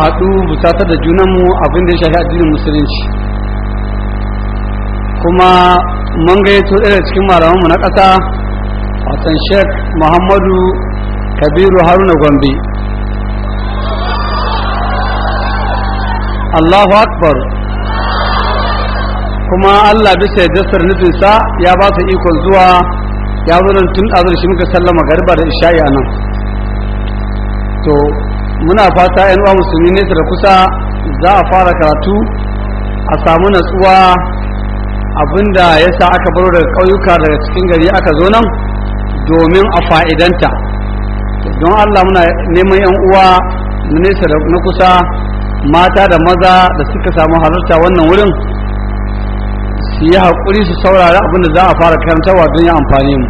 haɗu busatar da junanmu abin da ya shafi addinin musulunci kuma mun gayyato ɗaya cikin malamanmu na ƙasa watan sheik muhammadu kabiru haruna gombe allahu akbar kuma allah bisa ya dastar nufinsa ya ba su ikon zuwa ya zo tun azurshi muka sallama garba da isha'i a nan muna fata yan uwa musulmi nesa da kusa za a fara karatu a samu natsuwa abinda ya sa aka baro daga ƙauyuka daga cikin gari aka zo nan domin a fa'idanta don allah muna neman yan uwa nesa da na kusa mata da maza da suka samu halarta wannan wurin su yi haƙuri su saurari abinda za a fara karantarwa don ya amfani mu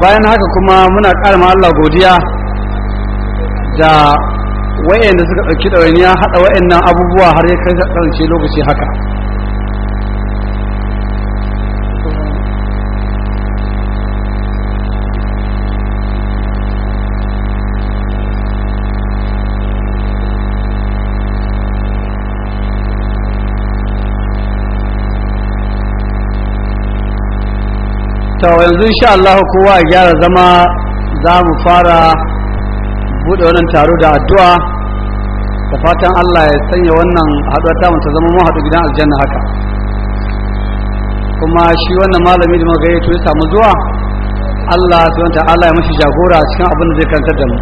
bayan haka kuma muna ƙara ma allah godiya da wayanda suka ɗauki ya haɗa wayannan abubuwa har ya kasance lokaci haka to yanzu insha Allah kowa ya gyara zama za mu fara bude wannan taro da addu'a da fatan Allah ya sanya wannan haɗuwa ta mu ta zama mu haɗu gidan aljanna haka kuma shi wannan malami da muka to ya samu zuwa Allah subhanahu ta'ala ya mashi jagora cikin abin da zai karantar da mu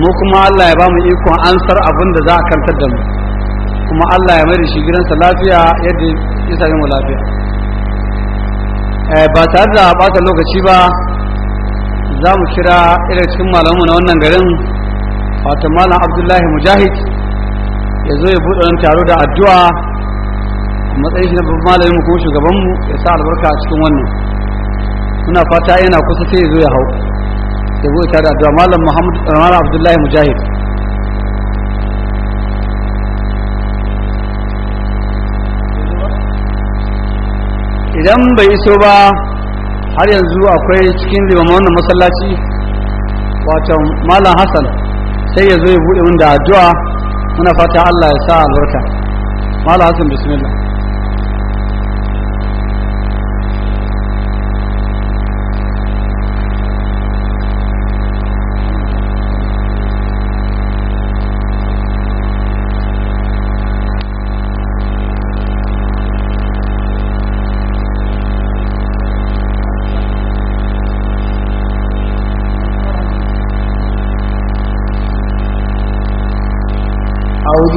mu kuma Allah ya ba mu ikon ansar abin da za a karantar da mu kuma Allah ya mai da shi gidansa lafiya yadda ya sami mu lafiya eh, ba tare da ɓata lokaci ba za mu kira irin cikin malamu na wannan garin wato malam abdullahi mujahid ya zo ya buɗe wani taro da addu'a a matsayin shi na babban malamin kuma shugabanmu ya sa albarka a cikin wannan muna fata yana kusa sai ya zo ya hau ya buɗe taro da addu'a malam muhammad eh, malam abdullahi mujahid idan bai iso ba har yanzu akwai cikin limaman wannan masallaci wato malam hassan sai ya zo ya buɗe wanda addu'a muna fata allah ya sa albarka malam hassan bismillah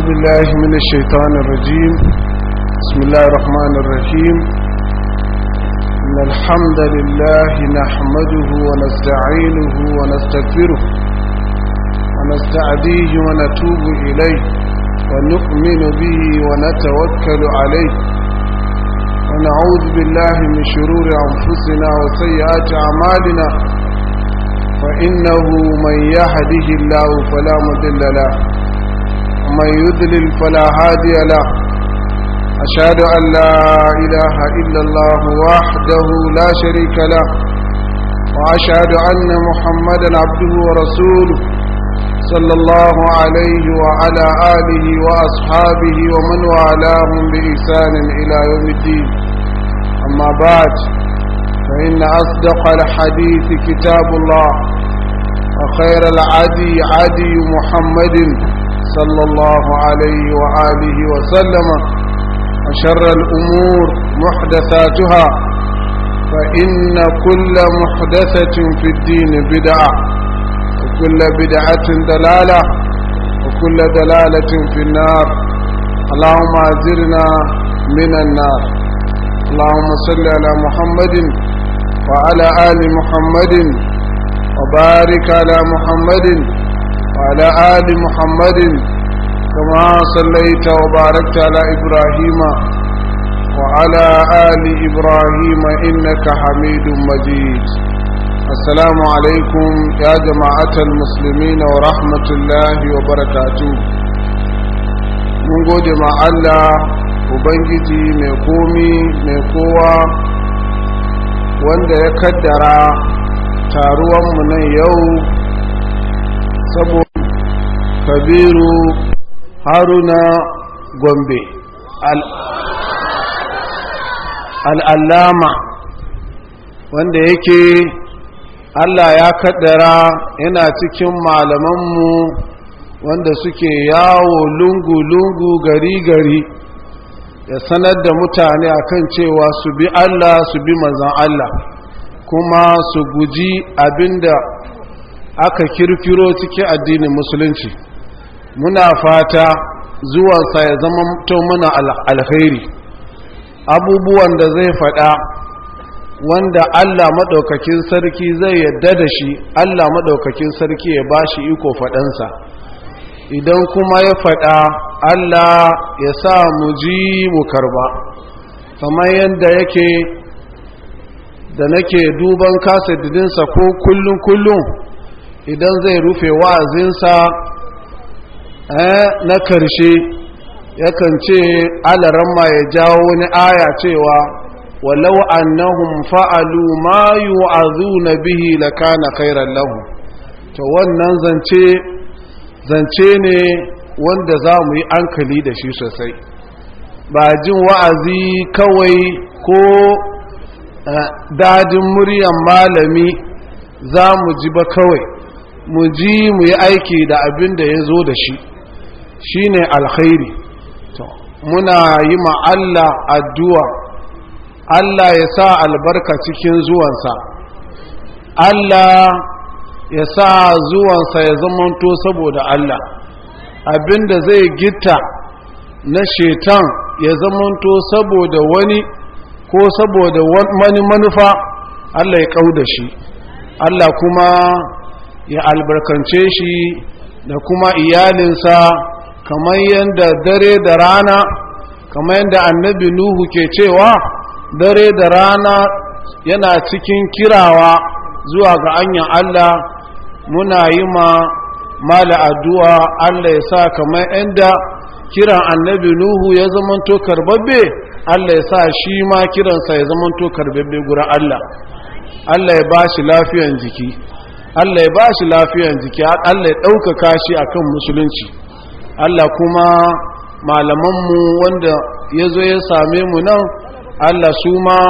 بالله من الشيطان الرجيم بسم الله الرحمن الرحيم إن الحمد لله نحمده ونستعينه ونستغفره ونستعديه ونتوب إليه ونؤمن به ونتوكل عليه ونعوذ بالله من شرور أنفسنا وسيئات أعمالنا فإنه من يهده الله فلا مضل له ومن يدلل فلا هادي له أشهد أن لا إله إلا الله وحده لا شريك له وأشهد أن محمدا عبده ورسوله صلى الله عليه وعلى آله وأصحابه ومن والاهم بإحسان إلى يوم الدين أما بعد فإن أصدق الحديث كتاب الله وخير العدي عدي محمد صلى الله عليه وآله وسلم أشر الأمور محدثاتها فإن كل محدثة في الدين بدعة وكل بدعة دلالة وكل دلالة في النار اللهم أزرنا من النار اللهم صل على محمد وعلى آل محمد وبارك على محمد وعلى آل محمد كما صليت وباركت على إبراهيم وعلى آل إبراهيم إنك حميد مجيد السلام عليكم يا جماعة المسلمين ورحمة الله وبركاته من قد ما الله وبنجتي ميقومي ميقوى wanda ya kaddara taruwanmu nan yau saboda kabiru haruna gombe al'allama wanda yake allah ya kaddara yana cikin malamanmu wanda suke yawo lungu-lungu gari-gari ya sanar da mutane akan cewa su bi allah su bi manzan allah kuma su guji abinda aka kirkiro cikin addinin musulunci muna fata zuwansa ya zama to muna alkhairi abubuwan da zai faɗa wanda Allah maɗaukakin sarki zai yadda da shi Allah maɗaukakin sarki ya ba shi iko faɗansa idan kuma ya faɗa Allah ya sa mu ji mu karba kamar yadda yake da nake duban didinsa ko kullum kullum idan zai rufe wa'azinsa na karshe yakan ce ma ya jawo wani aya cewa walau annahum fa'alu ma yu'azuna bihi lakana khairan lahum to wannan zance zance ne wanda za mu yi ankali da shi sosai ba jin wa'azi kawai ko dadin muryan malami za mu ji ba kawai mu ji mu yi aiki da abin da ya zo da shi shine alkhairi muna yi ma Allah addu'a Allah ya sa albarka cikin zuwansa Allah ya sa zuwansa ya zamanto saboda Allah abinda zai gita na shetan ya zamanto saboda wani ko saboda wani manufa Allah ya da shi Allah kuma ya albarkance shi da kuma iyalinsa kamar yadda dare da rana kamar yadda annabi nuhu ke cewa dare da rana yana cikin kirawa zuwa ga anyan allah muna yi ma mala addu'a allah ya sa kamar yadda kiran annabi nuhu ya zamanto karbabbe allah ya sa shi ma kiransa ya zamanto karbabbe gura allah allah ya ba shi lafiyan jiki allah ya ba shi lafiyan jiki allah ya ɗaukaka shi kan musulunci Allah kuma malamanmu wanda ya zo ya same mu nan Allah su ma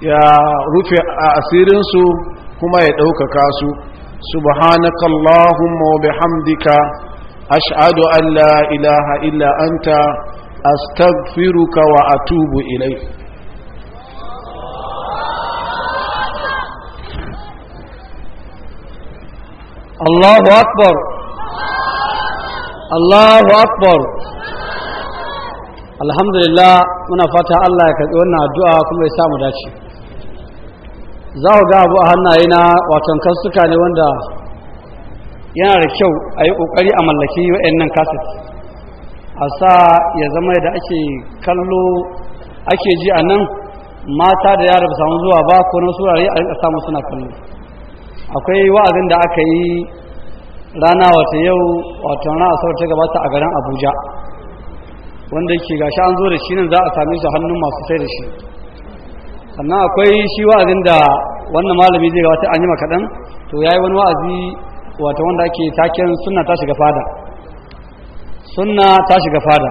ya rufe a asirinsu kuma ya ɗaukaka su subhanakallahumma wa bihamdika ash'adu an la ilaha illa anta astaghfiruka wa atubu ilai. allahu akbar Allahu akbar alhamdulillah muna fata Allah ya karɓi wannan addu'a kuma ya samu dace za ku ga abu a hannaye na waton kasuka ne wanda yana da kyau a yi ƙoƙari a mallaki wa'annan kaset a sa ya zama da ake kallo ake ji a nan mata da yara ba samu zuwa ba ko na surare a rinka samu suna kallo akwai wa'azin da aka yi rana wata yau wata rana a ta gabata a garin abuja wanda yake gashi an zo da shi nan za a same su hannun masu sai da shi sannan akwai shi wa'azin da wannan malami zai gabata an yi makaɗan to ya yi wani wa'azi wata wanda ake taken suna ta shiga fada suna ta shiga fada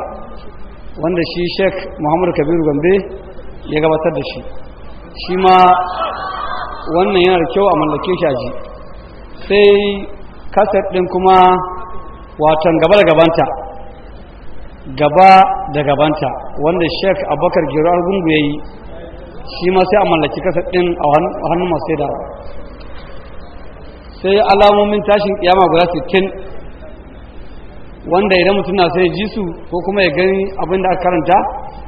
wanda shi sheikh muhammadu kabiru gombe ya gabatar da shi shi ma wannan yana da kyau a mallake shi a ji sai kasar ɗin kuma waton gaba da gabanta gaba da gabanta wanda sheik abubakar girar gungu ya yi shi ma sai a mallaki kasar ɗin a hannun masu sai da sai alamomin tashin kiyama guda 60 wanda idan mutum na sai ji su ko kuma ya gani abinda aka karanta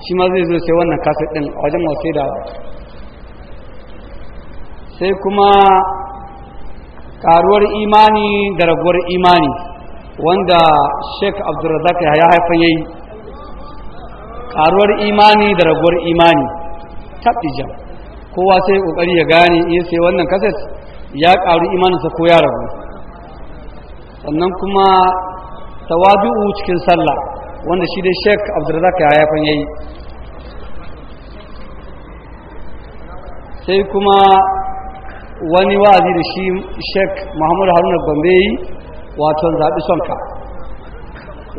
shi ma zai zo sai wannan kasar ɗin a wajen masu da sai kuma karuwar imani da raguwar imani wanda sheik abdulrazak ya haifan yayi karuwar imani da raguwar imani tabijan kowa sai kokari ya gane iya sai wannan kaset ya karu imaninsa ko ya ragu sannan kuma tawadu'u cikin sallah wanda shi dai sheik abdulrazak ya haifan yayi sai kuma wani wazi da shi sheik muhammad haruna bambe yi waton zaɓi sonka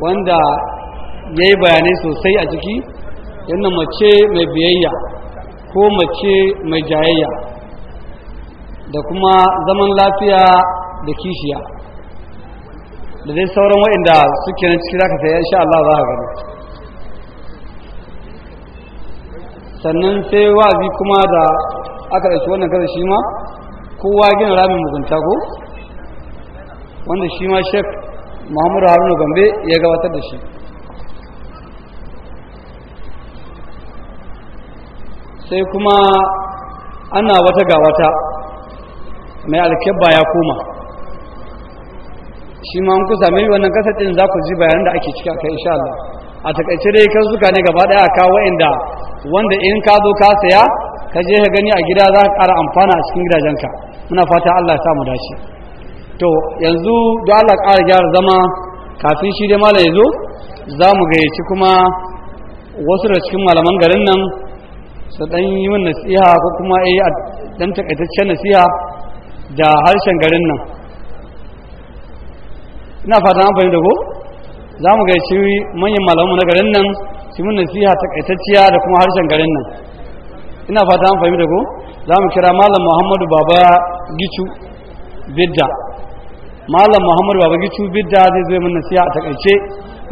wanda ya yi bayanai sosai a ciki yana mace mai biyayya ko mace mai jayayya da kuma zaman lafiya da kishiya da dai sauran waɗanda suke na cikin zaka sai insha Allah za a gani sannan sai wazi kuma da aka ɗauki wannan kasa shi ma kowa gina ramin mugunta ko wanda shi ma shek muhammadu haruna gombe ya gabatar da shi sai kuma ana wata ga wata mai alkyabba ya koma shi ma an kusa mai wannan ɗin za ku ji bayanan da ake ciki a kai Allah a takaice dai kan suka ne gaba daya kawo inda wanda in ka zo ka saya ka je ka gani a gida za ka ƙara amfana a cikin gidajenka muna fata Allah ya mu dace to yanzu don Allah ƙara gyara zama kafin shi dai malam ya zo za mu gayyaci kuma wasu da cikin malaman garin nan su ɗan yi min nasiha ko kuma yi eh, a ɗan takaitaccen nasiha da harshen garin nan ina fata an fahimta ko za mu gayyaci manyan malamu na garin nan su min nasiha takaitacciya da kuma harshen garin nan ina fata an fahimta ko za mu kira malam muhammadu baba gicu bidda malam muhammadu baba gicu bidda zai zai mun nasiha a takaice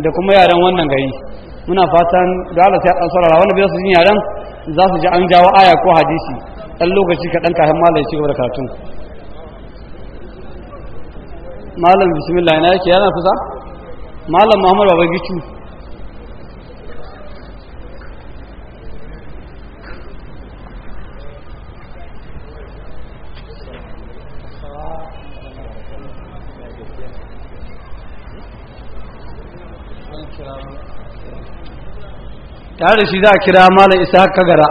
da kuma yaran wannan gari muna fatan da Allah ya dan saurara wannan bai su jin yaran za su ji an jawo aya ko hadisi dan lokaci kaɗan kafin malam ya ci gaba da karatu malam bismillah ina yake yana kusa malam muhammadu baba gicu tare da shi za a kira malam isa kagara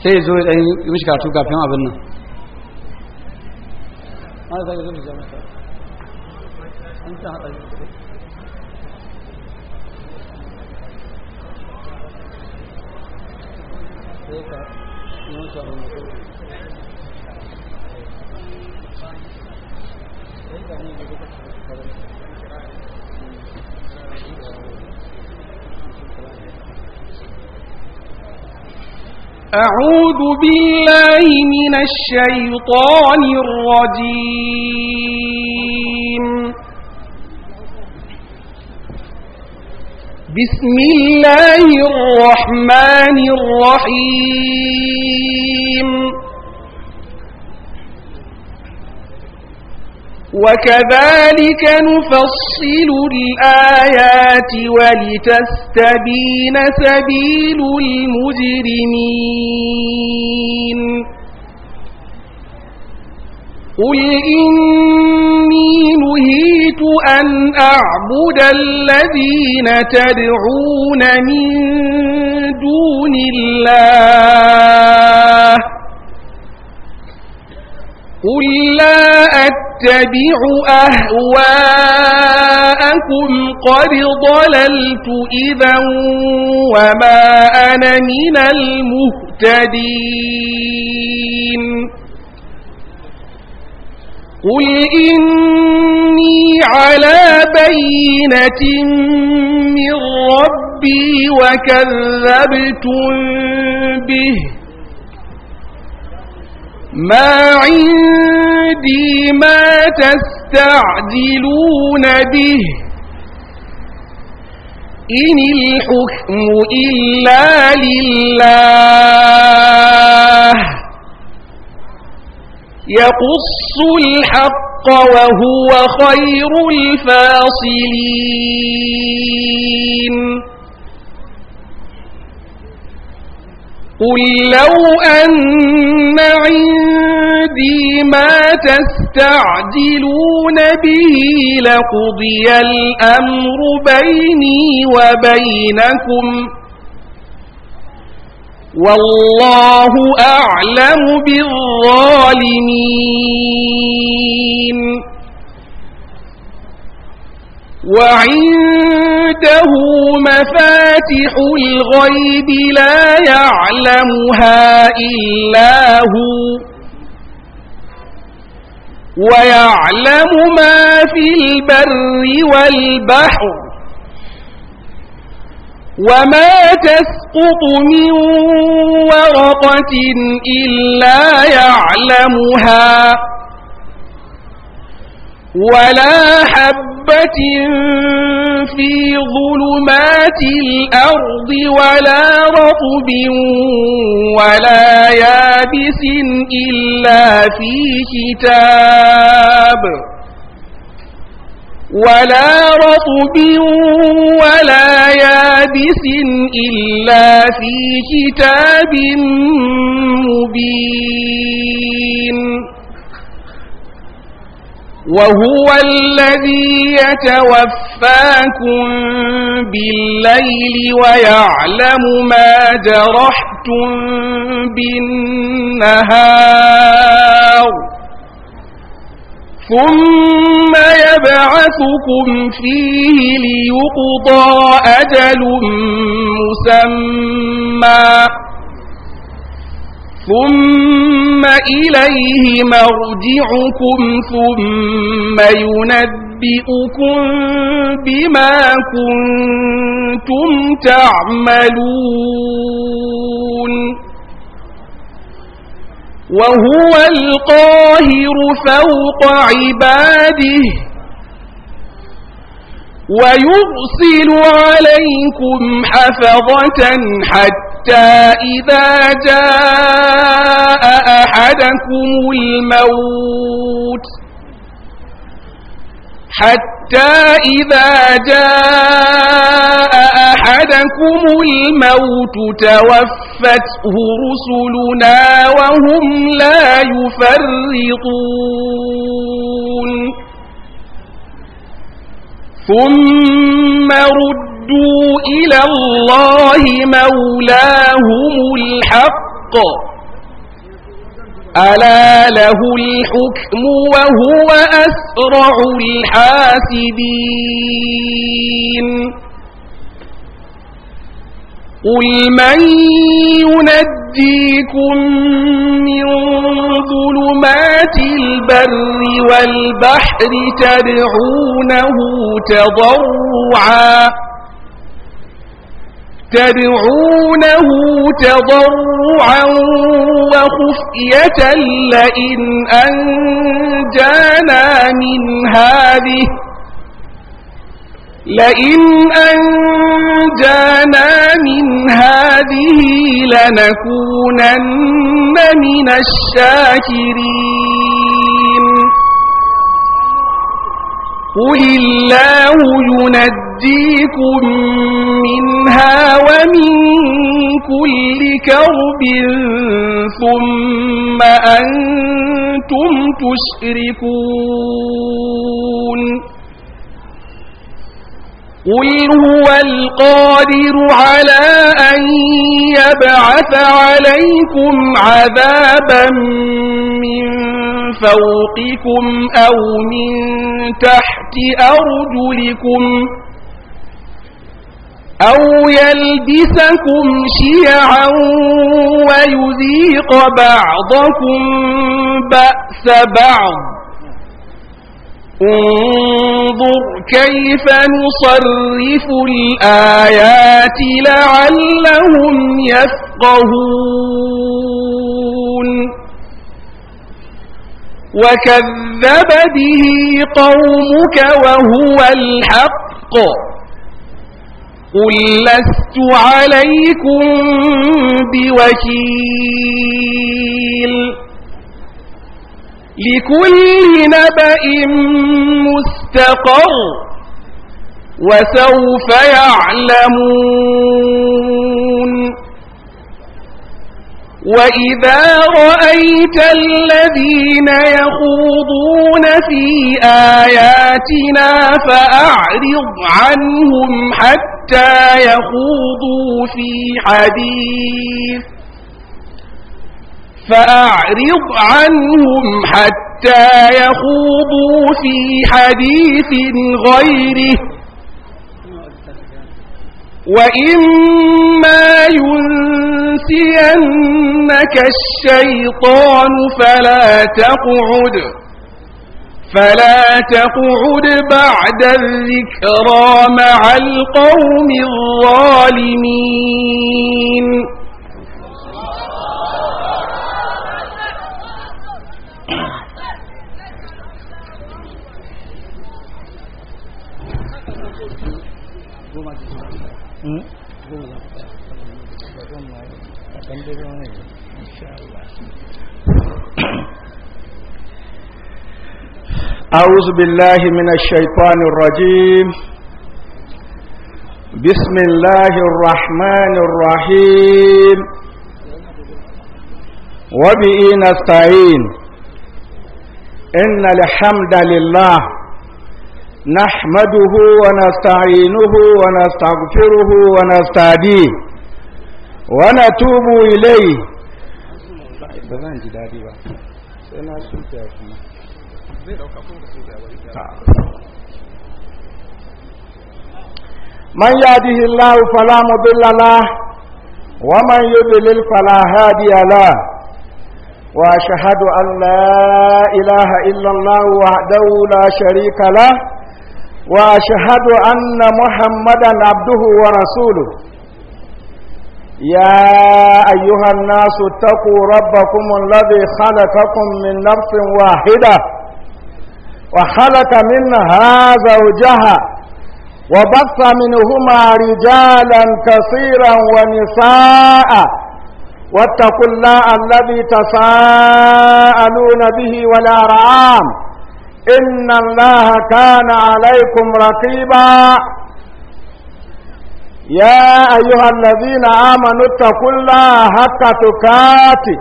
sai ya zo ya ɗan yi mishi karatu kafin abin nan sa ga zama jami'a an ta haɗari أعوذ بالله من الشيطان الرجيم بسم الله الرحمن الرحيم وكذلك نفصل الآيات ولتستبين سبيل المجرمين قل إني نهيت أن أعبد الذين تدعون من دون الله قل لا أت أتبع أهواءكم قد ضللت إذا وما أنا من المهتدين قل إني على بينة من ربي وكذبتم به ما عندي ما تستعجلون به إن الحكم إلا لله يقص الحق وهو خير الفاصلين قل لو أن عندي ما تستعجلون به لقضي الأمر بيني وبينكم والله أعلم بالظالمين وعنده مفاتح الغيب لا يعلمها إلا هو ويعلم ما في البر والبحر وما تسقط من ورقة إلا يعلمها ولا حب دابة في ظلمات الأرض ولا رطب ولا يابس إلا في كتاب ولا رطب ولا يابس إلا في كتاب مبين وهو الذي يتوفاكم بالليل ويعلم ما جرحتم بالنهار ثم يبعثكم فيه ليقضى أجل مسمى ثم إليه مرجعكم ثم ينبئكم بما كنتم تعملون وهو القاهر فوق عباده ويرسل عليكم حفظة حتى حتى إذا جاء أحدكم الموت حتى إذا جاء أحدكم الموت توفته رسلنا وهم لا يفرطون ثم ردوا إلى الله مولاهم الحق ألا له الحكم وهو أسرع الحاسدين قل من ينجيكم من ظلمات البر والبحر تدعونه تضرعا تدعونه تضرعا وخفية لئن أنجانا من هذه لئن أنجانا من هذه لنكونن من الشاكرين قل الله ينجيكم منها ومن كل كرب ثم أنتم تشركون قل هو القادر على أن يبعث عليكم عذابا من فوقكم أو من تحت أرجلكم أو يلبسكم شيعا ويذيق بعضكم بأس بعض انظر كيف نصرف الآيات لعلهم يفقهون وكذب به قومك وهو الحق قل لست عليكم بوكيل لكل نبأ مستقر وسوف يعلمون وإذا رأيت الذين يخوضون في آياتنا فأعرض عنهم حتى يخوضوا في حديث فأعرض عنهم حتى يخوضوا في حديث غيره وإما ينسينك الشيطان فلا تقعد فلا تقعد بعد الذكرى مع القوم الظالمين أعوذ بالله من الشيطان الرجيم بسم الله الرحمن الرحيم وبه نستعين إن الحمد لله نحمده ونستعينه ونستغفره ونستهديه ونتوب إليه من يهده الله فلا مضل له ومن يضلل فلا هادي له واشهد ان لا اله الا الله وحده لا شريك له وأشهد أن محمدا عبده ورسوله يا أيها الناس اتقوا ربكم الذي خلقكم من نفس واحدة وخلق منها زوجها وبث منهما رجالا كثيرا ونساء واتقوا الله الذي تساءلون به والأرعام إن الله كان عليكم رقيبا يا أيها الذين آمنوا اتقوا الله حق تكاته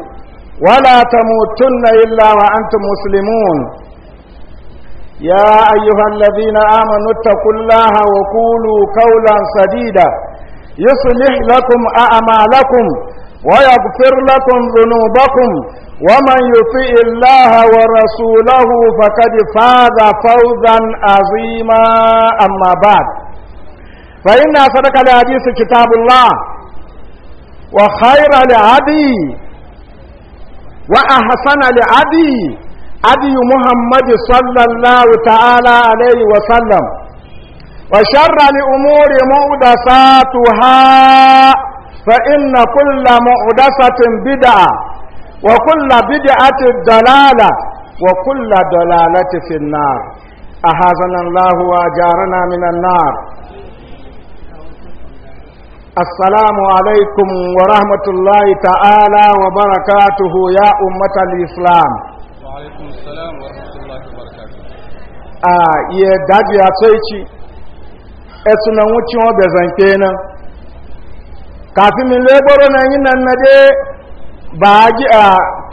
ولا تموتن إلا وأنتم مسلمون يا أيها الذين آمنوا اتقوا الله وقولوا قولا سديدا يصلح لكم أعمالكم ويغفر لكم ذنوبكم ومن يطيع الله ورسوله فقد فاز فوزا عظيما أما بعد فإن أصدق الحديث كتاب الله وخير لعدي وأحسن لعدي عدي محمد صلى الله تعالى عليه وسلم وشر لأمور مؤدساتها فإن كل مؤدسة بدأ wa kulla bid'ati dalala wa kulla dalalati fi an-nar ahazana Allah wa jarana min an-nar assalamu alaikum wa rahmatullahi ta'ala wa barakatuhu ya ummatal islam wa alaikum assalam wa rahmatullahi wa barakatuh a ye dadi atoichi esuna wuci obe zankena kafin min leboro na yin nan na dai baaji a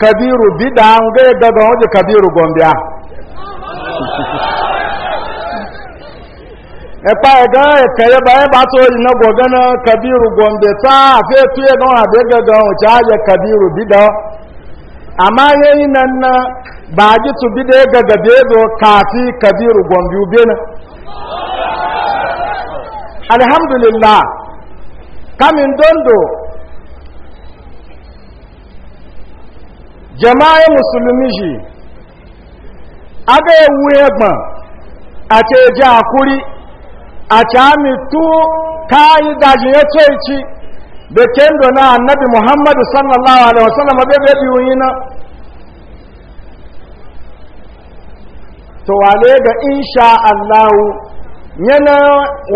kabiru bida nga ye gaga kabiru gombia ẹ̀pá ẹ̀gá ẹ̀kẹ̀yẹ báyẹ̀ kabiru gombe ya e a yẹ kabiru ina na yẹ iná ná bàájí tó bídá gẹ̀gẹ̀ bẹ́ẹ̀dọ̀ káàfí kabiru gombe na. alhamdulillah kamin dondo jama'a musulmi shi aga ewu egban a ce ji akuri a ce amitu ta daji ya ce ci da kendo na annabi muhammadu sallallahu alaihi wasallam bebe biyu na to wale ga insha allahu yana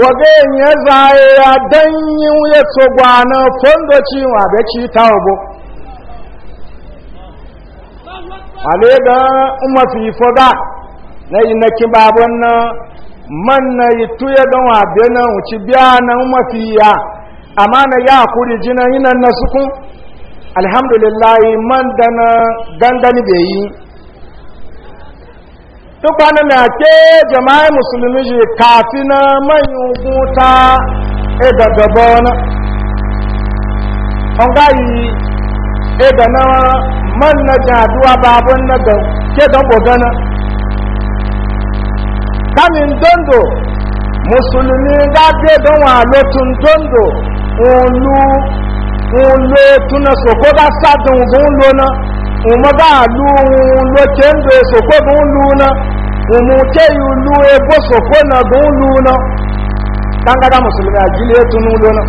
wage ya zaye ya danyi ya tsogwa na fondo ciwa da ci ta obo ale ga umma fi foga na yi na kibabon na man na yi tuye don wa biya na uci biya na umma fi ya amma na ya kuri jina yi nan na suku alhamdulillahi man da na gangani be yi tukwana na ke jama'ai musulmi ji kafi na manyan guta e gagaba wani an ega na man na jaduwa abụ na ga ke don gogana kamin dondo musulmi ga be don wa lotun dondo olu olu tuna soko ga sadun bun lona umu ga lu lotin do bụ bun na. umu ke yu lu ebo soko na bun luna kan ga musulmi a jile tunu na.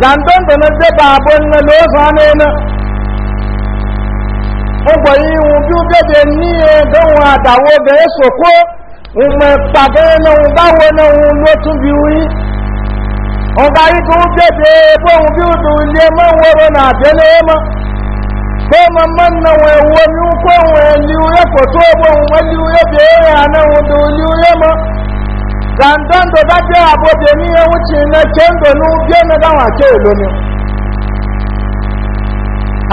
zandondo na je babo na lo zane na ogbo iwu bi obi ebe ni e dohun adawo ga esoko ume pade na un bawo na un lo tun bi wi on ga yi ko obi ebe bo un bi odu ile ma woro na abele ma ko ma man na we wo ni ko we ni uye ko to bo un we ni uye be ya na un do ni uye ma gandan da zaje abo de ni ya wuce na kendo nu ke na dan wa ke lo ni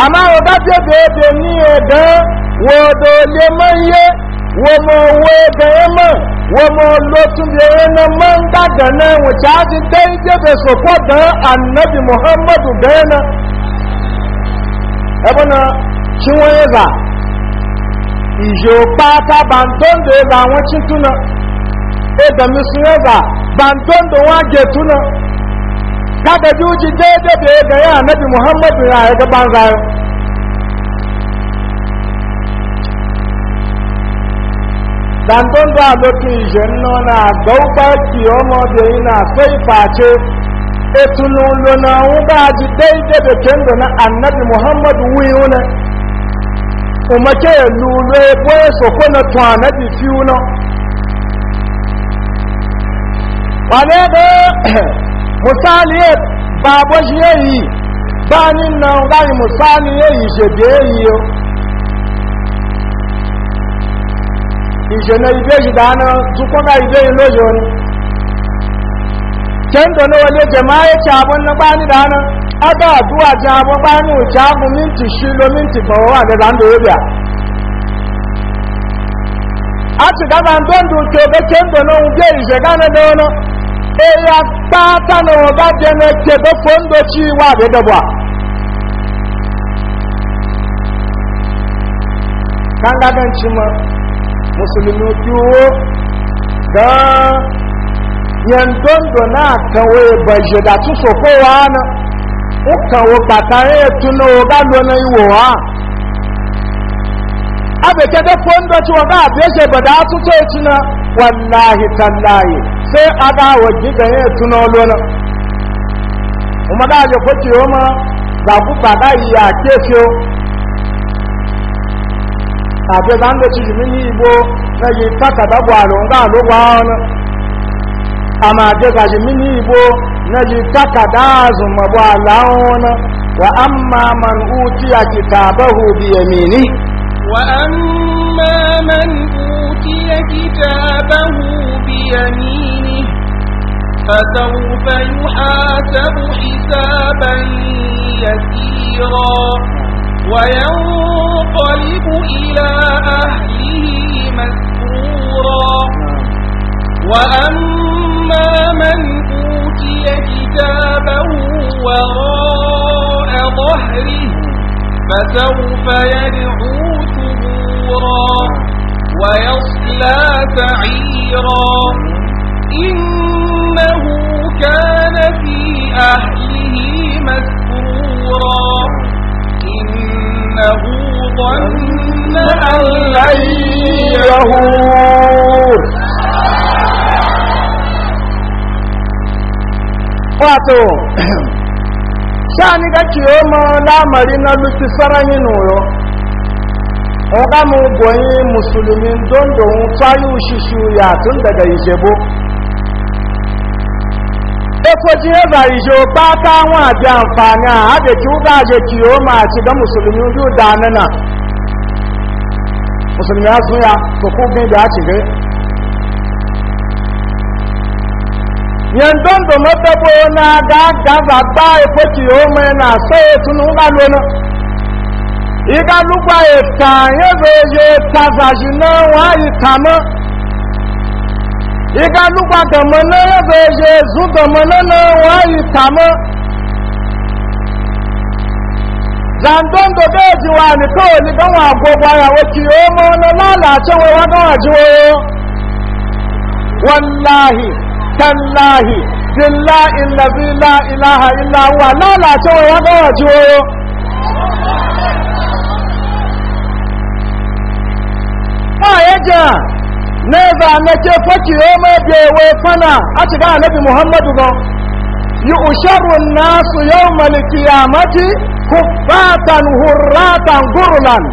amma o ga je be de ni e da wo do le maye wo mo we ga ma wo mo lo tun na mo ga ga na wo cha ji dai je be so ko da annabi muhammadu bena ebona chinwe ga ijo pata bandon de la won da musulunza ban don da wage tuna kada juji daidai da ya gaya nabi muhammadu ya yi gaban zayo ban don da lokacin ijen nuna gauba na da yana sai face etunu lona wuga ji daidai da kendo na annabi muhammadu wiyuna umake lulu ebo esokwe na tuwa na bifi na. wane da misali ya babo shi ya yi banin nan gani misali ya èyí o ìṣẹ̀lẹ̀ ibé ìdáná tukọ́nà ibé ìlóyò ni kẹ́ntọ̀ ní wọlé jẹmáà ẹ̀kì àbọn nípa nídáná àdúwà jẹ àbọn bá ní ìjà bọ̀wọ́ àdẹ́dà ń bíà a ti dábàá ń tó bẹ́ ìṣẹ̀gánà eya kpata na ụba dị na-echebe fo ndochi iwe abịdọbụ a ka ngaga nchima musulmi kiwo ga yandondo na akawe baje da tuso kowa na ụka batare etu na ụba lona iwo ha abekede fo ndochi ụba abịa echebe da atụtụ etu na wallahi tallahi sai aga waje da ya tuna lona kuma da ya kwace yi ma da ku fada ya ke fiyo a fi zan da ci jimini ibo na yi takada gwaro ga alugwa wani amma je ga na yi wa man فسوف يحاسب حسابا يسيرا وينقلب إلى أهله مسرورا وأما من أوتي كتابه وراء ظهره فسوف يدعو ثبورا ويصلى سعيرا إن إنه كان في أهله مسرورا إنه ظن أن لن يهور wato shani da ke yi lamari na luki sarani noyo mu musulmi don don fayu shishu ya tun daga ijebo kocin zarijo ba ta wa bi amfani a ha ki je kiyo masu ga musulmi biyu da nana musulmi ya suya ko ku bi da ci ga yandon da matabo na ga gaza ba ko na sai tun wuka lona iga lugba ya ta ta wa ta igalukwa gamana ya bụ eje zu gamana na nwanyị tama zandondo da ji wa ni kawai ni gan wa gogwa ya waki yo mo na lalace wa wa gan waje wallahi tallahi billahi allazi la ilaha illa huwa lalace wa wa gan waje ba ya ja n'ebe a meke kwaki ome fana ewe kwana a muhammadu no Yu usharu nasu yau maliki ya mati hurratan gurulan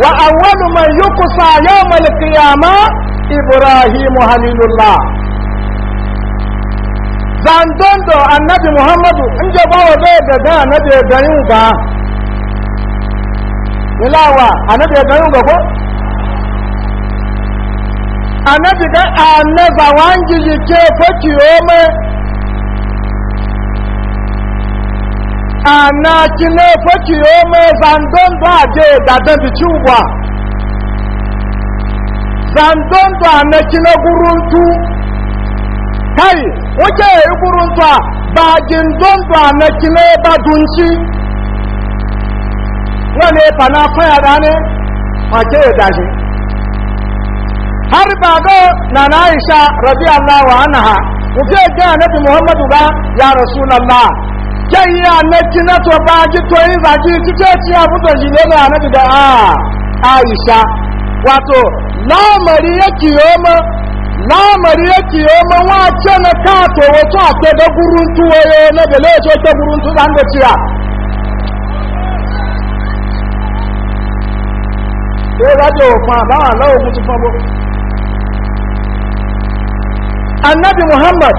wa awwalu man yukusa yau maliki ya ma ibrahimu halilullah zandondo annabi muhammadu in jaba wa zai gaga annabi ya ga ilawa annabi ya ga ko annabi ga annaba wangi jike kwaki ome ana kile kwaki ome zandon da je dadan bi chuwa zandon da na kile guruntu kai waje guruntu ba gindon da na kile badunci wani fana faya da ne ma ke har ba na na Aisha radiyallahu anha ku ce ga annabi Muhammadu ba ya rasulullah kai ya annabi na to ba ji to yi ba ji ki ce ci abu to ji ne annabi da a ah, Aisha wato lamari yake yoma lamari yake yoma wace na ka to da na da leso dan da ciya lọ́wọ́ ti annabi muhammad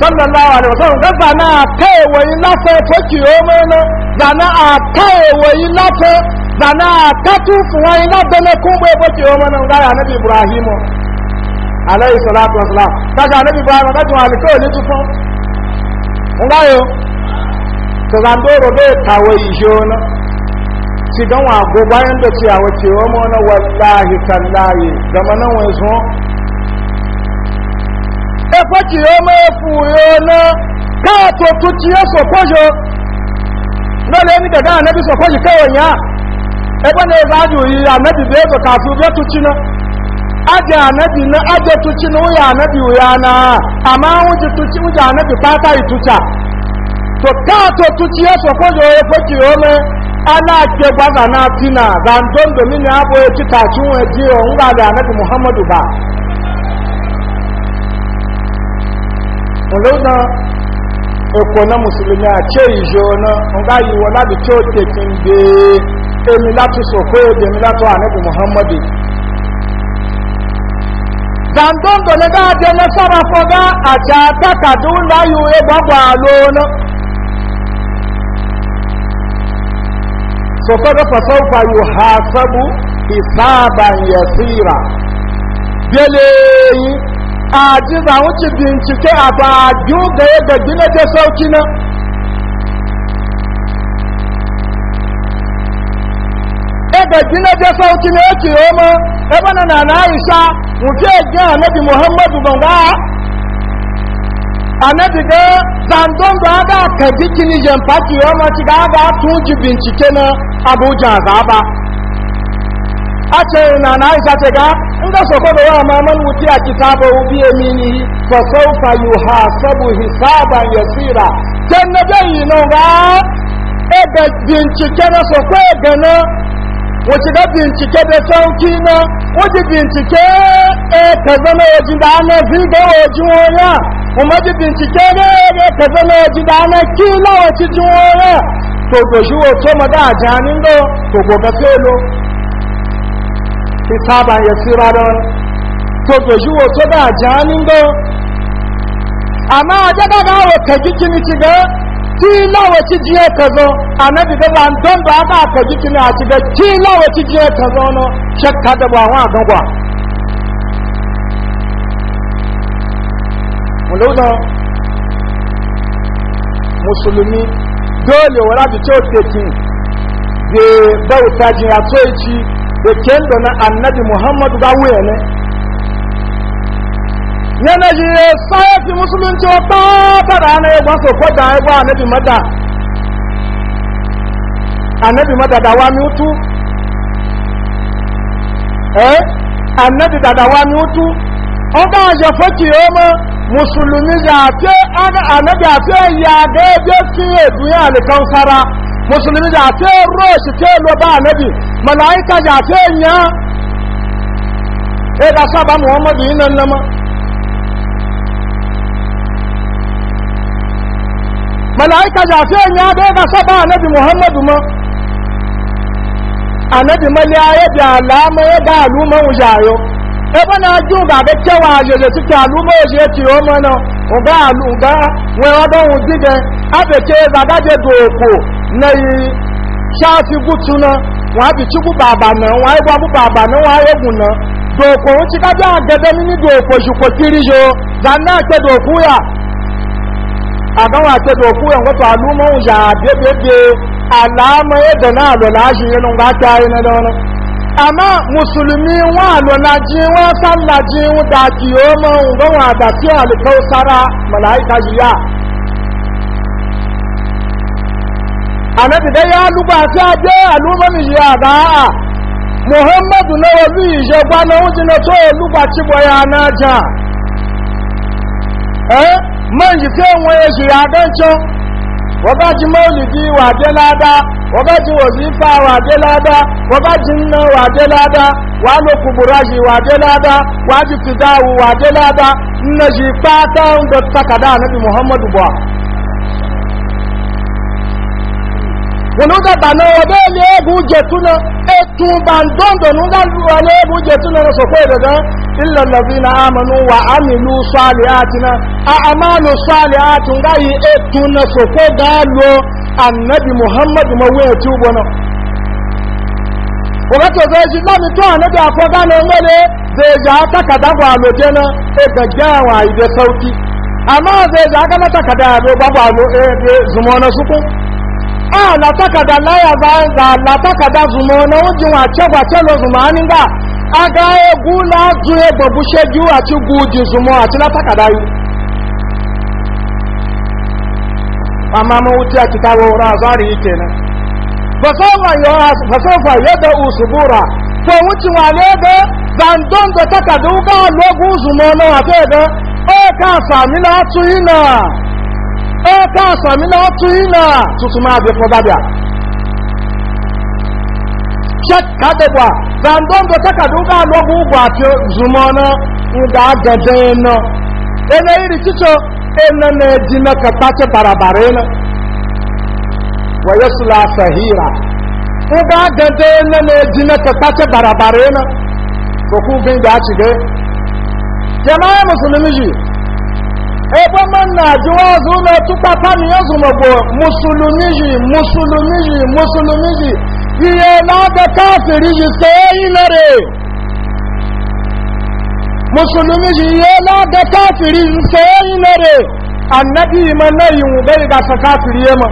sallallahu alaihi wasallam ga zana a taya lafe lafa toki o mana zana a taya wayi zana a tatufu wayi na kuma toki o mana ga annabi ibrahimu alayhi salatu wasalam kaga annabi ibrahim ga tun alko ne tu fun ngayo to zando ro be tawayi jona ti gan wa go bayan da ti awace o mana wallahi tallahi zamanan wai sun ekwechi ya ome efuyo na káàtò tó ti yẹ́ sọ̀kọ́jọ́ lọ́lẹ́ ní gẹ̀gẹ́ ànẹ́bí sọ̀kọ́jọ́ kẹwọ̀nyá ẹgbẹ́ ní ìbájú yìí ànẹ́bí bí ẹ̀tọ̀ kàfí bí ẹ̀tọ̀ chi náà ajẹ́ ànẹ́bí na ajẹ́ tó chi ní wúyà ànẹ́bí wúyà náà àmá ń jẹ́ tó chi wúyà ànẹ́bí pátá ìtúchà tó ka tó ti yẹ́ sọ̀kọ́jọ́ ekwechi ya ome aláàkẹ́ gbázà na tina muhammadu nzauna ẹ̀kọ́ na musulmi àti ìjọ na nga yiwọ láti tí ó tẹ̀kín dé emi láti sọ̀kó èdè mi láti ànẹ́bù muhammadu dandondo ne dáadé na sára fọ́gá àti àtàkàdù láyò ẹgbàgbà lónà sọ̀kọ́dọ̀ fasọ́fà yóò ha sábú ìsáàbà yẹ̀ síra bẹ́lẹ̀ yìí a ji za wuce bincike a ba biyu ga yadda gina ta sauki na yadda gina ta sauki na yake yi ma ebe na na aisha wuce gina nabi muhammadu a nabi ga zandon da aga ka kini jan yi ma ci ga aga tun ji bincike na abuja ba. a chere na na aisha chega nga sokodo ya mama wuti a kitabo ubi emini fa sawfa yuhasabu hisaban yasira kenna dai no ga e da bincike na sokwe gana wace ga bincike da sauki na wace bincike e ka zama waje da ana ziga waje waya kuma dị bincike ne ebe zama waje da ana kila wace ji waya to to shi wato maga a janin do to gobe sai lo hisaban yasira don to doji wato da janin do amma waje daga wata gikini ci ga tila wace jiya ta zo a na diga don da aka aka gikini a ci ga tila wace jiya ta zo no shakka da ba wa gagwa mulauda musulmi dole wala da cewa tekin da bauta jiya tsoici da kendo na annabi muhammadu ga wuya ne yana ji ya fi musulunci wa fara na ya gwaso ko da ya e gwa annabi mada annabi mada da wani utu eh annabi da da wani utu o ga e ya faki yoma musulmi ya ce an annabi ya ce ya ga ya ce duniya alkausara musulmi da te ro shi te lo ba nabi malaika da te nya e da saba muhammadu yi nan nama malaika da te nya da da saba nabi muhammadu ma anabi mali aye bi alama ya da aluma wujayo e na ju ba da cewa je da suke aluma je ti o mana o ga alu ga we wa abeke za da je na yi shafi gutu na wa bi ci gu baba na wa yi e gwabu baba na wa yi e gu na doko wuci ka biya gada mini doko shi ko kiri yo zanna ke doku ya a ga wa ke doku ya wato aluman ya bebebe alama yadda e na alola shi yanin ga ta yi na da wani àmọ́ mùsùlùmí wọn àlọ́lájí wọn sálàjí wọn dàkì ó mọ́ ǹgbọ́n àdàtí àlùkọ́ sára màláìkà yìí yá ànábì dẹ́ ya lúgbà tí a jẹ́ na yìí àbá à muhammadu náà bí ìṣẹ́gbá náà ń jiná tó lúgbà tí bọ̀ ya na jà ẹ́ mẹ́yìn tí wọ́n yẹ ṣe àdánjọ́ wọ́gájí mọ́lìdí wà dé ládá wọ́gájí wòzífà wà dé ládá wọ́gájí nná nna dé ládá wà muhammadu wòlúdà bàná ọdọ́ ilé ẹgbù jẹtúnà ètùn bàndọ́ndọ̀ nígbà lúwà ní ẹgbù jẹtúnà ní sọ̀kọ́ ìdọ̀dọ́ ìlọ̀lọ̀bí na àmànú wà ámìlú sọ́àlẹ̀ àtìná ma na sọ̀kọ́ gáàlò annabi muhammadu mawé ẹ̀tí ugbọ́nà wọ́gátò a ah, latakada laya ga latakada zumo na wujin wace wace lo zumo an ga aga egwu la zu egbo bu seju ati guji zumo ati latakada yi amma mu wuce ati kawo ra zari kenan fasofa yo fasofa usubura ko wuce wa ne ga da na ga o ka sami la tu ina ẹ́ẹ̀ká àsàmì náà tún ìnà tuntun máa bẹ̀ fọ́dábíà ṣẹ́kàdẹ̀gbà zandongo tẹ́kàdúgbà lọ́gbù ugbo àti zùmọ́nà ìdá gẹ̀dẹ̀ iná ẹnẹ ìrì títọ́ ẹnẹ na ẹjìnà kẹtàkì bàràbàrà iná wọ́yẹ́sùlá sahira ìdá na ẹjìnà barabara ji. ebe m na-ajụ azụ ụlọ tụkpata na ya zụmọgbo musulumiji musulumiji musulumiji ihe na-abịa kafiri ji tee ilere musulumiji ihe na-abịa kafiri ji tee ilere annabi ma na yi wubai ba sa kafiri ma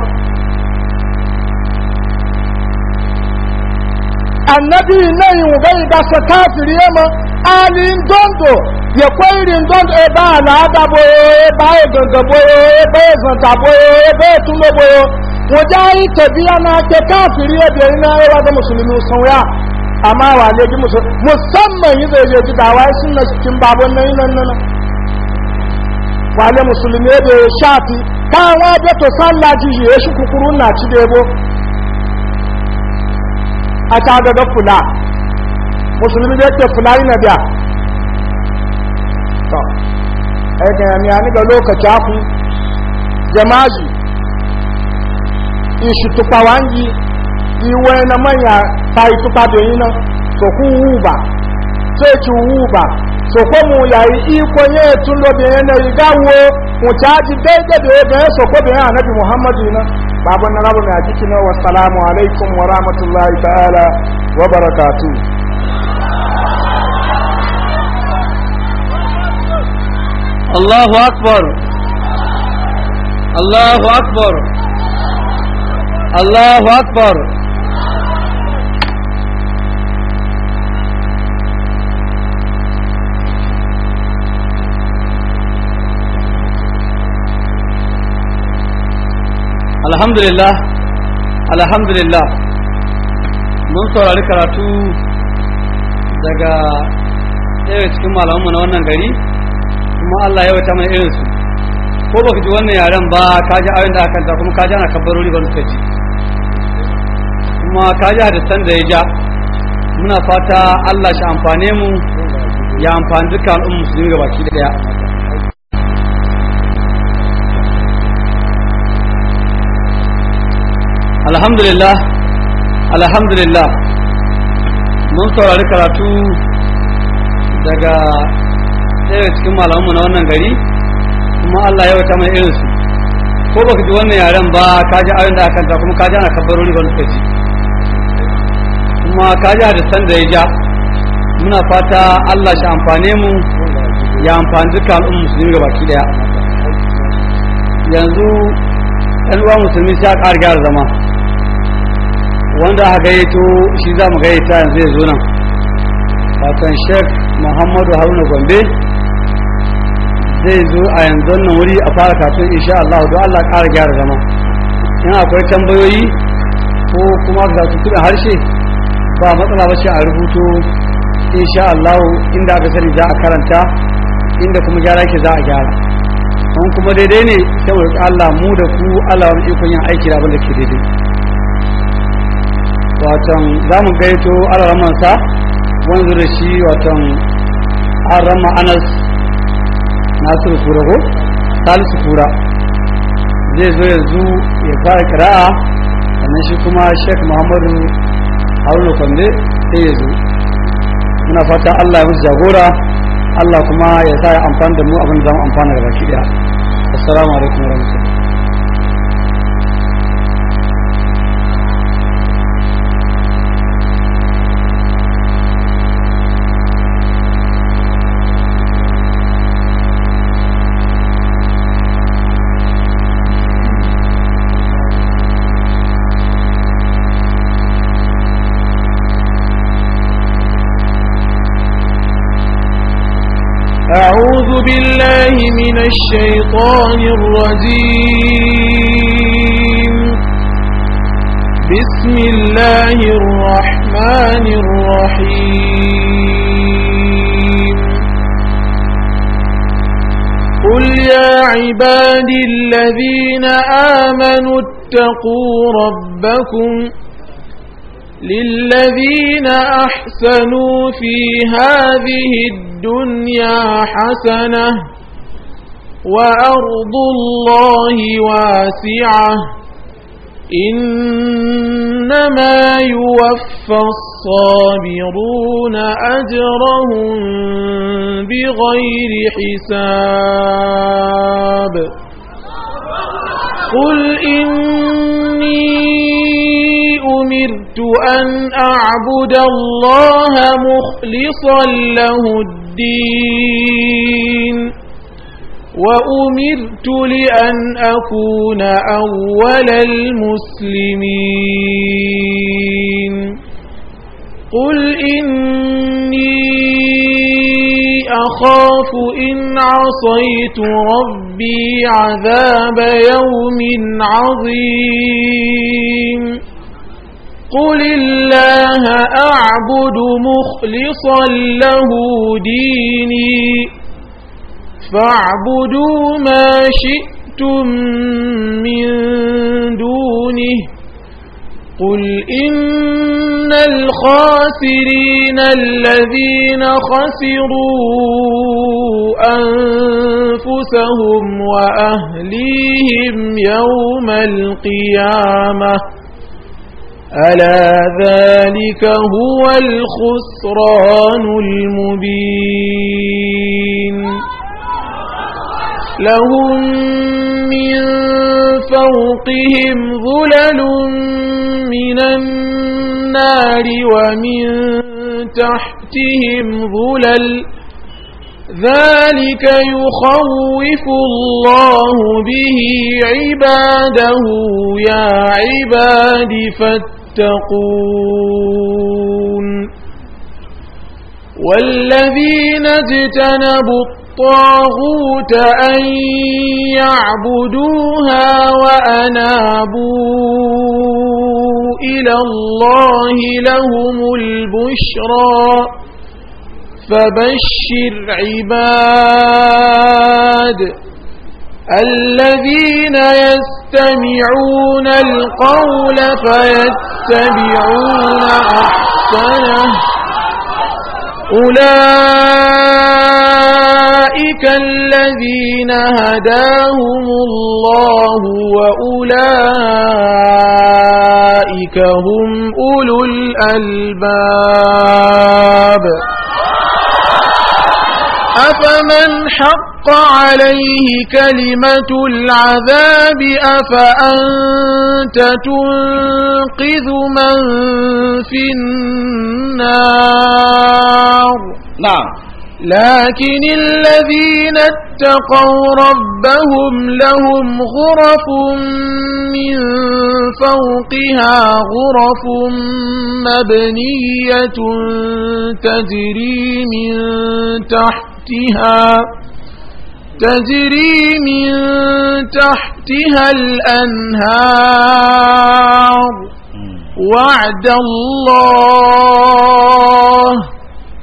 annabi nan ubai ga sa kafiri ma alin dondo ya kwairin dondo e ba na adabo e ba e gangabo e ba e zantabo e ba e tulobo e wajen yi tabiya na ke kafiri e biyayi na yawa da musulmi sun ya amma wa ne bi musulmi musamman yi zai je gidawa sun na cikin babon nan nan nan wale musulmi e biyayi shafi kawo beto sallaji ya shi kukuru na ci debo a ta Fula, aṣáájọ́jọ́ fùlà mùsùlùmí jẹ́ na biya, yìí bíà tọ́ ẹ̀kẹ̀ ni ga lokaci ákú jama'azu iṣu tupa wa yi iwe na manya ta yi tupa da yi nan so ku wuba so ki wuba so ko mu yayi iko ne tun lo bi ne ga wo mu ta ji daidai da ya ga annabi muhammadu nan babu na rabu mai cikin wa wasalamu alaikum wa rahmatullahi ta'ala wa barakatu Allahu akbar Allahu akbar Allahu akbar alhamdulillah alhamdulillah mun saurari karatu daga ɗaya cikin malamanmu na wannan gari kuma Allah ya wata mana irinsu ko baka ji wannan yaren ba ka ji da aka kuma ka ji ana kabbarori ba suka ji kuma ka ji hadisan da ya ja muna fata Allah shi amfane mu ya amfani dukkan al'ummar musulmi ga baki daya alhamdulillah alhamdulillah mun saurari karatu daga ɗaya cikin malamanmu na wannan gari kuma Allah ya wata mai irinsu ko baka ji wannan yaren ba ka ji abin da aka kanta kuma ka ji ana kabbarori wani suka ji kuma ka ji hadisan da ya ja muna fata Allah shi amfane mu ya amfani duka al'ummar musulmi ga baki daya yanzu ɗan uwa musulmi sai a ƙara gyara zama wanda aka gayyato shi za mu gayyata yanzu ya zo nan watan sheikh muhammadu haruna gombe zai zo a yanzu nan wuri a fara kafin insha Allah don Allah ƙara gyara zama in akwai tambayoyi ko kuma za su kuɗin harshe ba matsala ba ce a rubuto insha Allah inda aka sani za a karanta inda kuma gyara ke za a gyara kuma daidai ne ta mu Allah mu da ku Allah wani ikon yin aiki da abin da ke daidai watan za mu gaito alaramansa wanzu da shi watan arama anas nasiru kura salisu kura zai zo yanzu ya fara kira'a sannan shi kuma sheik muhammadu haruna kande sai ya zo muna fata allah ya musu jagora allah kuma ya sa ya amfani da mu abin da za mu amfana da baki daya assalamu alaikum warahmatullahi بالله من الشيطان الرجيم بسم الله الرحمن الرحيم قل يا عبادي الذين آمنوا اتقوا ربكم للذين أحسنوا في هذه الدنيا حسنة وأرض الله واسعة إنما يوفى الصابرون أجرهم بغير حساب قل إني أمر أمرت أن أعبد الله مخلصا له الدين وأمرت لأن أكون أول المسلمين قل إني أخاف إن عصيت ربي عذاب يوم عظيم قل الله أعبد مخلصا له ديني فاعبدوا ما شئتم من دونه قل إن الخاسرين الذين خسروا أنفسهم وأهليهم يوم القيامة ألا ذلك هو الخسران المبين لهم من فوقهم ظلل من النار ومن تحتهم ظلل ذلك يخوف الله به عباده يا عباد فاتقوا يتقون والذين اجتنبوا الطاغوت أن يعبدوها وأنابوا إلى الله لهم البشرى فبشر عباد الذين يسرون يستمعون القول فيتبعون أحسنه أولئك الذين هداهم الله وأولئك هم أولو الألباب أفمن حق حق عليه كلمة العذاب أفأنت تنقذ من في النار نعم لكن الذين اتقوا ربهم لهم غرف من فوقها غرف مبنية تجري من تحتها تجري من تحتها الأنهار وعد الله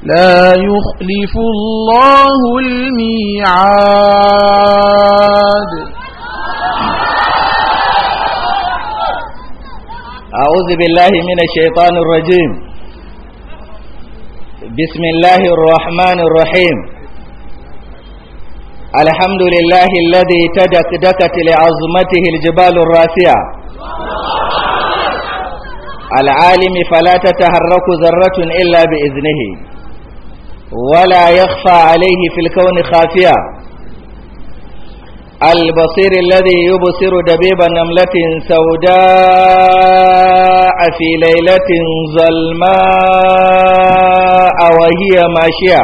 لا يخلف الله الميعاد أعوذ بالله من الشيطان الرجيم بسم الله الرحمن الرحيم الحمد لله الذي تدك دكت لعظمته الجبال الراسية العالم فلا تتحرك ذرة إلا بإذنه ولا يخفى عليه في الكون خافية البصير الذي يبصر دبيب نملة سوداء في ليلة ظلماء وهي ماشية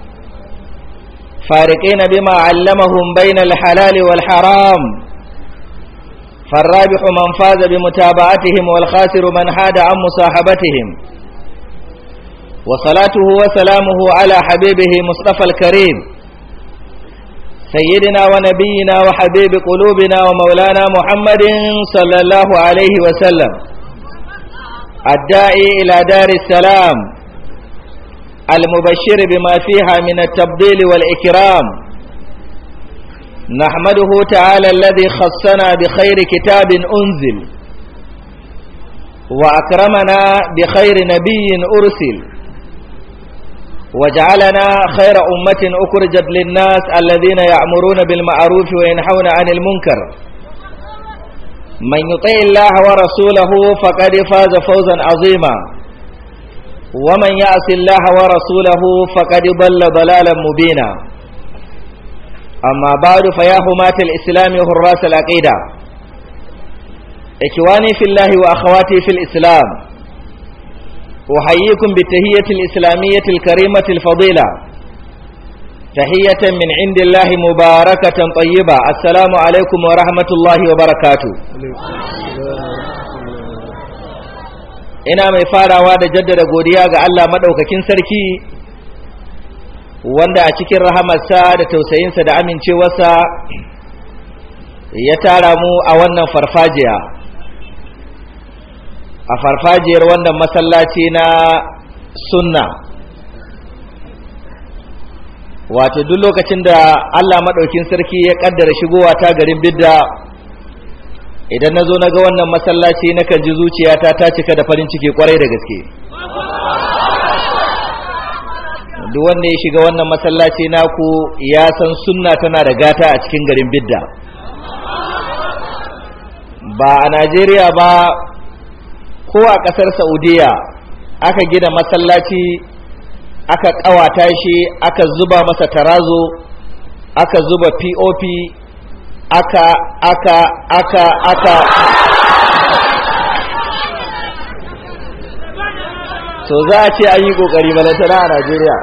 فارقين بما علمهم بين الحلال والحرام فالرابح من فاز بمتابعتهم والخاسر من حاد عن مصاحبتهم وصلاته وسلامه على حبيبه مصطفى الكريم سيدنا ونبينا وحبيب قلوبنا ومولانا محمد صلى الله عليه وسلم الداعي إلى دار السلام المبشر بما فيها من التبديل والإكرام نحمده تعالى الذي خصنا بخير كتاب أنزل وأكرمنا بخير نبي أرسل وجعلنا خير أمة أخرجت للناس الذين يأمرون بالمعروف وينحون عن المنكر من يطيع الله ورسوله فقد فاز فوزا عظيما ومن يعص الله ورسوله فقد ضل ضلالا مبينا أما بعد فيا حماة الإسلام حراس العقيدة إخواني في الله وأخواتي في الإسلام أحييكم بالتهية الإسلامية الكريمة الفضيلة تحية من عند الله مباركة طيبة السلام عليكم ورحمة الله وبركاته ina mai farawa da jaddada godiya ga Allah maɗaukakin sarki wanda a cikin rahamarsa da tausayinsa da amincewarsa ya tara mu a wannan farfajiya a farfajiyar wannan masallaci na sunna wato duk lokacin da Allah maɗaukin sarki ya ƙaddara shigowa ta garin bidda idan na zo na ga wannan masallaci na kan ji zuciyata ta cika da farin ciki kwarai da gaske duk wanda ya shiga wannan masallaci naku ya san sunna tana da gata a cikin garin bidda ba a najeriya ba ko a ƙasar saudiya aka gina masallaci aka ƙawata shi aka zuba masa tarazo aka zuba pop aka aka aka aka to za a ce an yi kokari balantana a najeriya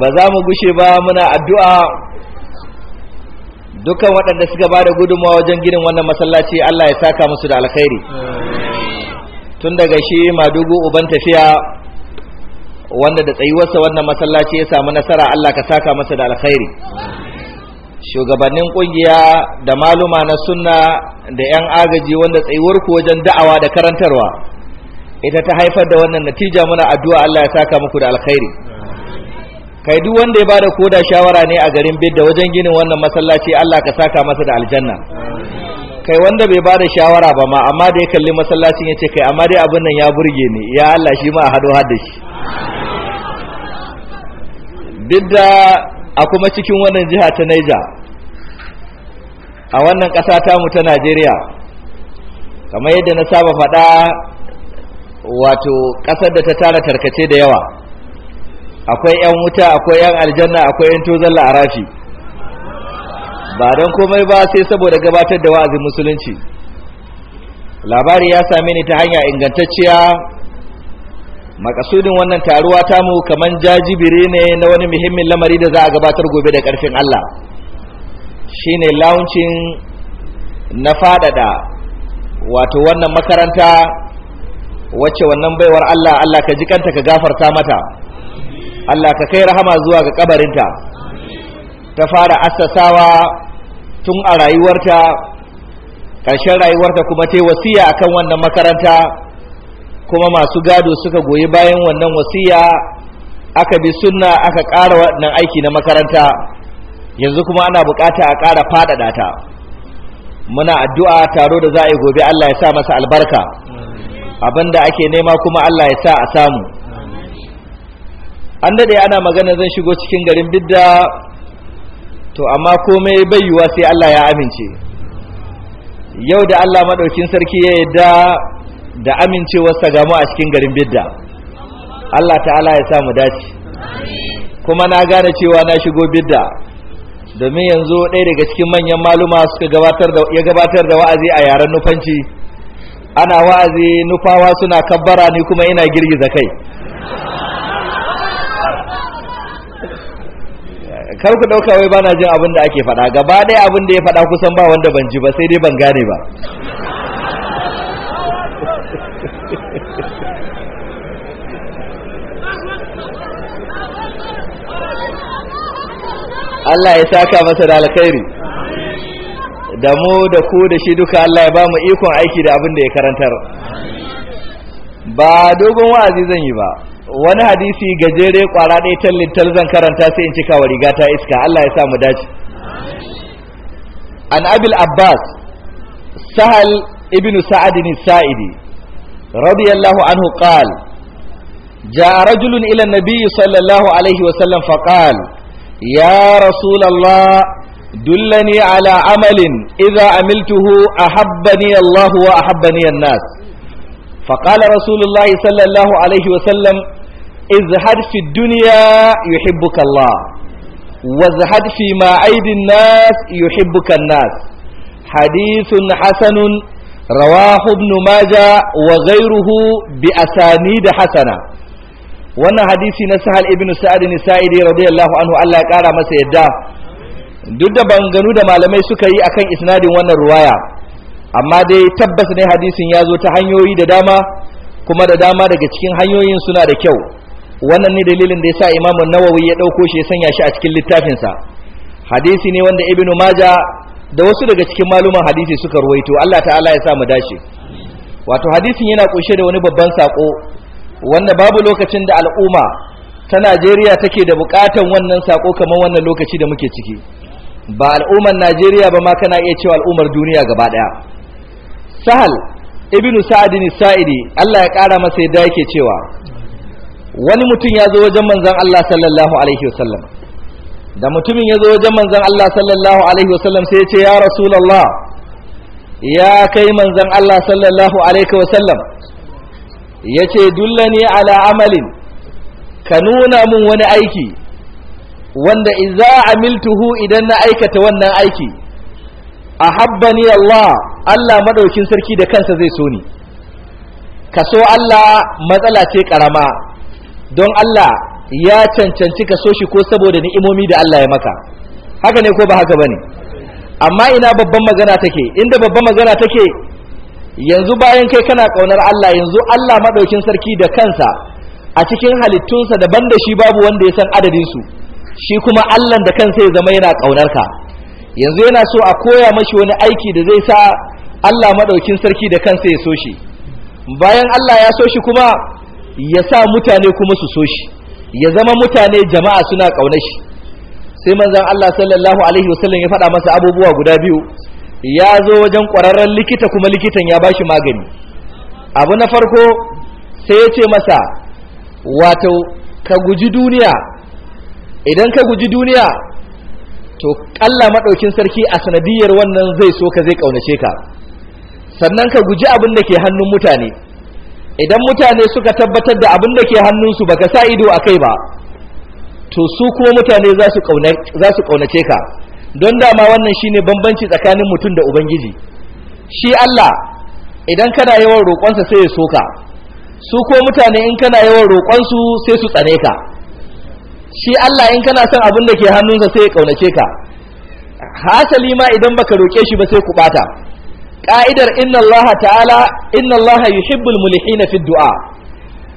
ba za mu gushe ba muna addu'a dukkan waɗanda suka ba da gudunmawa wajen ginin wannan masallaci allah ya saka musu da alkhairi tun daga shi madugu uban tafiya wanda da tsayuwarsa wannan masallaci ya samu nasara allah ka saka masa da alkhairi shugabannin kungiya da maluma na sunna da 'yan agaji wanda tsayuwar ku wajen da'awa da karantarwa ita ta haifar da wannan natija muna addu'a Allah ya saka muku da alkhairi kai duk wanda ya bada koda shawara ne a garin Bidda wajen ginin wannan masallaci Allah ka saka masa da aljanna kai wanda bai bada shawara ba ma amma da ya kalli masallacin ce kai amma dai abin nan ya burge ni ya Allah shi ma a hado har da shi Bidda a kuma cikin wannan jiha ta Niger a wannan ƙasa mu ta Najeriya kamar yadda na saba faɗa wato ƙasar da ta tara tarkace da yawa akwai 'yan wuta akwai 'yan aljanna akwai 'yan tozon la'arafi ba don komai ba sai saboda gabatar da wa'azin musulunci labari ya same ni ta hanya ingantacciya makasudin wannan taruwa ta mu kaman jajibire ne na wani muhimmin lamari da za a gabatar gobe da karfin Allah shine launching na fadada wato wannan makaranta wacce wannan baiwar Allah Allah ka jikanta ka gafarta mata Allah ka kai rahama zuwa ga kabarinta ta fara assasawa tun a rayuwarta ƙarshen rayuwarta kuma ta yi wasiya akan wannan makaranta kuma masu gado suka goyi bayan wannan wasiya aka bi sunna aka ƙara wannan aiki na makaranta yanzu kuma ana bukata a ƙara faɗaɗa ta muna addu'a taro da za a yi gobe Allah ya sa masa albarka abinda ake nema kuma Allah ya sa a samu an daɗe ana magana zan shigo cikin garin bidda to amma komai bayyuwa sai Allah ya amince yau da Allah maɗaukin sarki ya yadda da amincewarsa gamu a cikin garin bidda Allah ta'ala ya sa mu dace kuma na gane cewa na shigo bidda domin yanzu ɗaya daga cikin manyan maluma suka gabatar da ya gabatar da wa'azi a yaren nufanci ana wa'azi nufawa suna kabbara ni kuma ina girgiza kai kar ku ɗauka wai bana jin abin da ake faɗa gaba ɗaya abin da ya faɗa kusan ba wanda ban ji ba sai dai ban gane ba Allah ya saka masa da alkhairi da mu da ku da shi duka Allah ya ba mu ikon aiki da abin da ya karantar ba dogon wa'azi zan yi ba wani hadisi gajere kwara ɗaya tallin zan karanta sai in cika wa riga ta iska Allah ya sa mu dace an abil abbas sahal ibnu sa'ad sa'idi radiyallahu anhu qala جاء رجل إلى النبي صلى الله عليه وسلم فقال يا رسول الله دلني على عمل إذا عملته أحبني الله وأحبني الناس فقال رسول الله صلى الله عليه وسلم ازهد في الدنيا يحبك الله وازهد فيما أيدي الناس يحبك الناس حديث حسن رواه ابن ماجه وغيره بأسانيد حسنه wannan hadisi na sahal ibn sa'ad ibn sa'id radiyallahu anhu Allah ya kara masa yadda duk da banganu da malamai suka yi akan isnadin wannan ruwaya amma dai tabbas ne hadisin ya zo ta hanyoyi da dama kuma da dama daga cikin hanyoyin suna da kyau wannan ne dalilin da yasa imamu nawawi ya dauko shi ya sanya shi a cikin littafinsa hadisi ne wanda ibnu maja da wasu daga cikin maluman hadisi suka ruwaito Allah ta'ala ya sa mu dace wato hadisin yana kunshe da wani babban sako wanda babu lokacin da al'umma ta Najeriya take da bukatan wannan sako kamar wannan lokaci da muke ciki ba al'ummar Najeriya ba ma kana iya cewa al'ummar duniya gaba daya sahal ibnu sa'adin sa'idi Allah ya kara masa yadda yake cewa wani mutum ya zo wajen manzon Allah sallallahu alaihi wasallam da mutumin ya zo wajen manzon Allah sallallahu alaihi wasallam sai ya ce ya rasulullah ya kai manzon Allah sallallahu alaihi wasallam ya ce dullani ala amalin ka nuna mun wani aiki wanda iza amiltuhu idan na aikata wannan aiki a habbani Allah Allah maɗaukin sarki da kansa zai so ni ka so Allah matsala ce ƙarama don Allah ya cancanci ka so shi ko saboda ni'imomi da Allah ya maka haka ne ko ba haka ba ne amma ina babban magana take inda babban magana take yanzu bayan kai kana kaunar Allah yanzu Allah madaukin sarki da kansa a cikin halittunsa daban da shi babu wanda ya san adadin su shi kuma Allah da kansa ya zama yana kaunar ka yanzu yana so a koya mashi wani aiki da zai sa Allah madaukin sarki da kansa ya so shi bayan Allah ya so shi kuma ya sa mutane kuma su so shi ya zama mutane jama'a suna kaunar shi sai manzon Allah sallallahu alaihi wasallam ya faɗa masa abubuwa guda biyu ya zo wajen ƙwararren likita kuma likitan ya bashi magani abu na farko sai ya ce masa wato ka guji duniya idan ka guji duniya to ƙalla maɗaukin sarki a sanadiyar wannan zai so ka zai ƙaunace ka sannan ka guji abin da ke hannun mutane idan mutane suka tabbatar da abin da ke hannunsu baka sa ido a kai ba to su kuma mutane za su ƙaunace ka don dama wannan shine bambanci tsakanin mutum da ubangiji shi Allah idan kana yawan roƙonsa sai ya soka su ko mutane in kana yawan roƙonsu sai su tsane ka shi Allah in kana son abin da ke hannunsa sai ya kaunace ka hasali ma idan baka roƙe shi ba sai ku bata ka'idar inna Allah ta'ala inna Allah yuhibbul mulihina fi du'a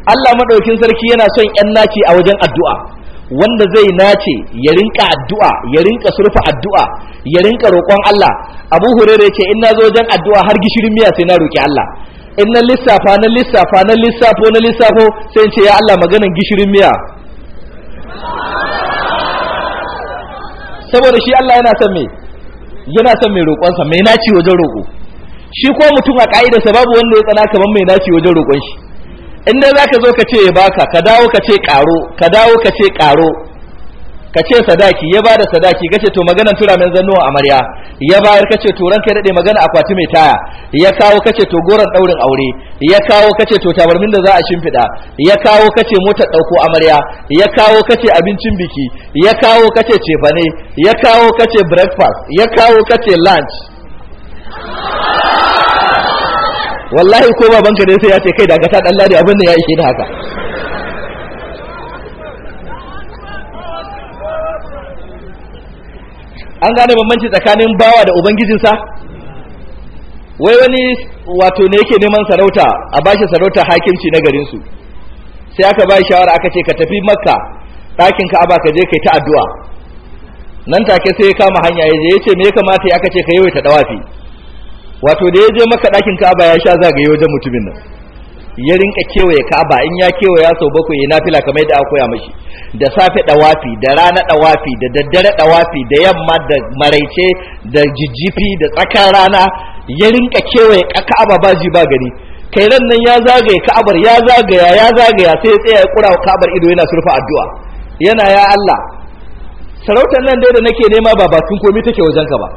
Allah madaukin sarki yana son yan naki a wajen addu'a wanda zai nace ya rinka addu'a ya rinka surfa addu'a ya rinka roƙon Allah Abu Hurairah yace in nazo wajen addu'a har gishirin miya sai na roki Allah in na lissafa na lissafa na lissafo na lissafo sai in ce ya Allah maganan gishirin miya saboda shi Allah yana son me yana son mai roƙonsa mai nace wajen roƙo shi ko mutum a ka'idarsa babu wanda ya tsana kaman mai nace wajen roƙon shi in dai ka zo ka ce ya baka ka dawo ka ce karo ka dawo ka ce karo ka ce sadaki ya ba da sadaki ka ce to maganan tura min zannuwa amarya ya bayar ka ce to ranka daɗe magana akwati mai taya ya kawo ka ce to goron daurin aure ya kawo ka ce to tabarmin da za a shimfiɗa, ya kawo ka ce mota ɗauko amarya ya kawo ka ce abincin biki ya kawo ka ce cefane ya kawo ka ce breakfast ya kawo ka ce lunch wallahi ko ka ne sai ya ce kai daga ta dan ladi abin da ya ishe ni haka an gane bambanci tsakanin bawa da ubangijinsa wai wani wato ne yake neman sarauta a bashi sarauta hakimci na garinsu sai aka bai shawara aka ce ka tafi makka ɗakin aba ka je kai ta addu'a nan take sai ya kama hanya ya je ya ce me ya kamata ya aka ce ka yawaita dawafi wato da ya je maka ɗakin ka'aba ya sha zagaye wajen mutumin nan ya rinka kewaye ka'aba in ya kewaya sau bakwai ya nafila kamar yadda aka koya mashi da safe dawafi da rana dawafi da daddare dawafi da yamma da maraice da jijjifi da tsakar rana ya rinka kewaye ka'aba baji ba gari kai ran nan ya zagaye ka'abar ya zagaya ya zagaya sai ya tsaya ya kura ka'abar ido yana surfa addu'a yana ya Allah sarautar nan dai da nake nema ba tun komai take wajenka ba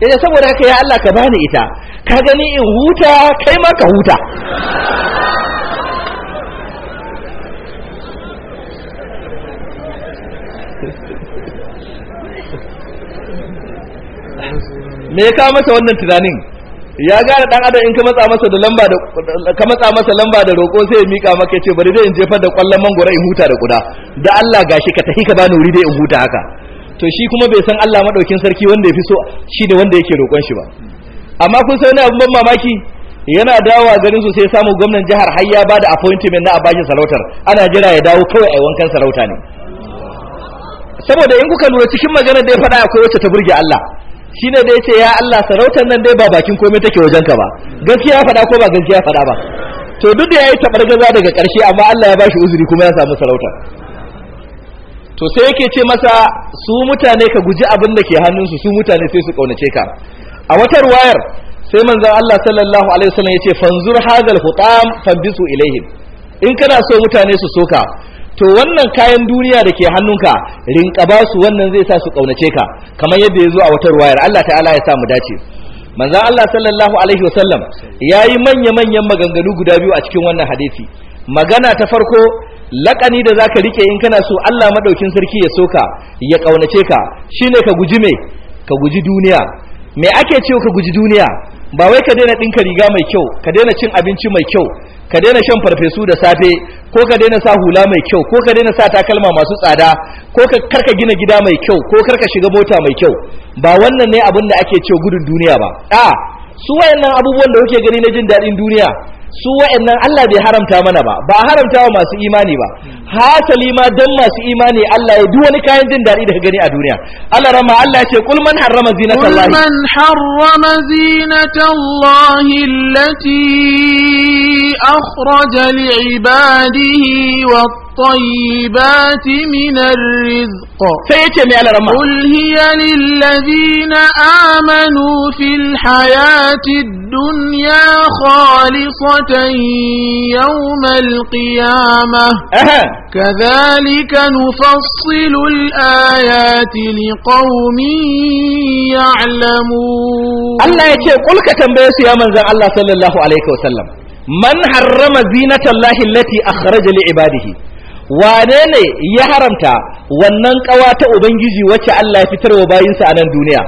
yace saboda haka ya Allah ka bani ita ka gani in huta kai ma ka huta me ya kawo masa wannan tunanin ya gara dan adam in ka matsa masa da lamba da ka matsa masa lamba da roƙo sai ya mika maka ce bari dai in jefar da kwallon mangoro in huta da kuda da Allah gashi ka tahi ka bani wuri dai in huta haka to shi kuma bai san Allah madaukin sarki wanda ya fi so shi da wanda yake roƙon shi ba amma kun ne abin ban mamaki yana dawowa garin su sai samu gwamnan jihar har ya bada appointment na a bashi sarautar ana jira ya dawo kawai a wankan sarauta ne saboda in kuka lura cikin maganar da ya faɗa akwai wacce ta burge Allah shine da yace ya Allah sarautar nan dai ba bakin komai take wajenka ba gaskiya faɗa ko ba gaskiya faɗa ba to duk da yayi tabargaza daga ƙarshe amma Allah ya bashi uzuri kuma ya samu sarautar to sai yake ce masa su mutane ka guji abin da ke hannunsu su mutane sai su kaunace ka a wata ruwayar sai manzon Allah sallallahu alaihi wasallam yace fanzur hadal hutam fabisu ilaihim in kana so mutane su soka to wannan kayan duniya da ke hannunka rinka ba su wannan zai sa su kaunace ka kamar yadda ya zo a wata ruwayar Allah ta'ala ya sa mu dace manzon Allah sallallahu alaihi wasallam yayi manya manyan maganganu guda biyu a cikin wannan hadisi magana ta farko laƙani da za ka rike in kana so Allah maɗaukin sarki ya soka ya ƙaunace ka shine ka guji me ka guji duniya me ake ce ka guji duniya ba wai ka daina ɗinka riga mai kyau ka daina cin abinci mai kyau ka daina shan farfesu da safe ko ka daina sa hula mai kyau ko ka daina sa takalma masu tsada ko ka karka gina gida mai kyau ko karka shiga mota mai kyau ba wannan ne abin da ake cewa gudun duniya ba a su wayannan abubuwan da kuke gani na jin daɗin duniya su wa'annan Allah bai haramta mana ba ba haramta wa masu imani ba hasali ma dan masu imani Allah ya duk wani kayan jin daɗi da gani a duniya Allah rama Allah ya ce kul man harrama zinata Allah kul man harrama zinata Allah allati akhraja li ibadihi wa الطيبات من الرزق قل هي للذين آمنوا في الحياة الدنيا خالصة يوم القيامة أه. كذلك نفصل الآيات لقوم يعلمون الله يتي قل كتنبيس يا من الله صلى الله عليه وسلم من حرم زينة الله التي أخرج لعباده wane ya haramta wannan kawa ta ubangiji wacce Allah ya fitar wa bayinsa a nan duniya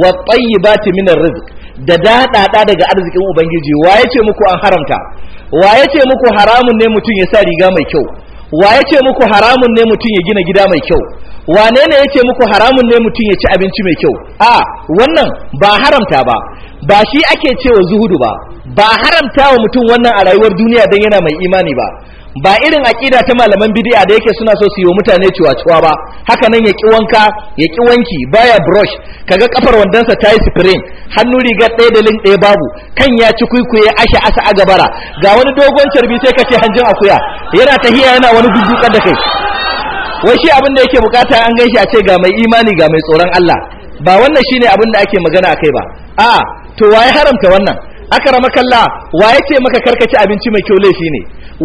wa tayyibati min rizq da dadada daga arzikin ubangiji wa yace muku an haramta wa yace muku haramun ne mutum ya sa riga mai kyau wa ya ce muku haramun ne mutum ya gina gida mai kyau wane ne ya ce muku haramun ne mutum ya ci abinci mai kyau a wannan ba haramta ba ba shi ake cewa zuhudu ba ba haramta wa mutum wannan a rayuwar duniya don yana mai imani ba ba irin aƙida ta malaman bidiya da yake suna so su yi mutane ciwa-ciwa ba haka nan ya ƙi wanka ya ƙi wanki baya brush kaga kafar wandonsa ta yi spring hannu rigar ɗaya da link ɗaya babu kan ya ci kuikuye asha asa a gabara ga wani dogon carbi sai ka ce hanjin akuya yana tahiya yana wani gugguƙar da kai wai shi abin da yake bukata an gan shi a ce ga mai imani ga mai tsoron Allah ba wannan shine abin da ake magana akai ba a to waye haramta wannan aka rama kalla wa ya ce maka karkaci abinci mai kyau laifi ne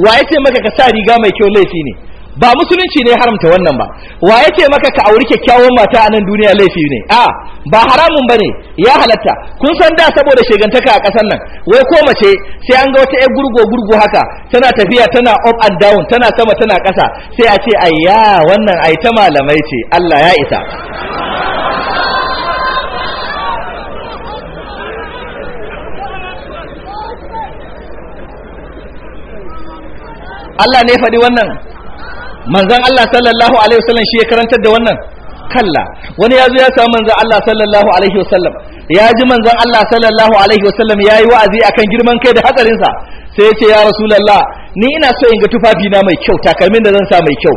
wa ya maka ka sa riga mai kyau laifi ne ba musulunci ne haramta wannan ba wa ya ce maka ka auri kyakkyawan mata a nan duniya laifi ne a ba haramun ba ne ya halatta kun san da saboda shegantaka a ƙasar nan wai ko mace sai an ga wata 'yar gurgo gurgo haka tana tafiya tana up and down tana sama tana ƙasa sai a ce ayya wannan ai ta malamai ce Allah ya isa Allah ne faɗi wannan manzan Allah sallallahu alaihi wasallam shi ya karantar da wannan kalla wani ya zo ya samu manzan Allah sallallahu alaihi wasallam ya ji manzan Allah sallallahu alaihi wasallam ya yi wa'azi a kan girman kai da hatsarinsa? sai ya ce ya lalla. ni ina so in ga tufafi na mai kyau takalmin da zan sa mai kyau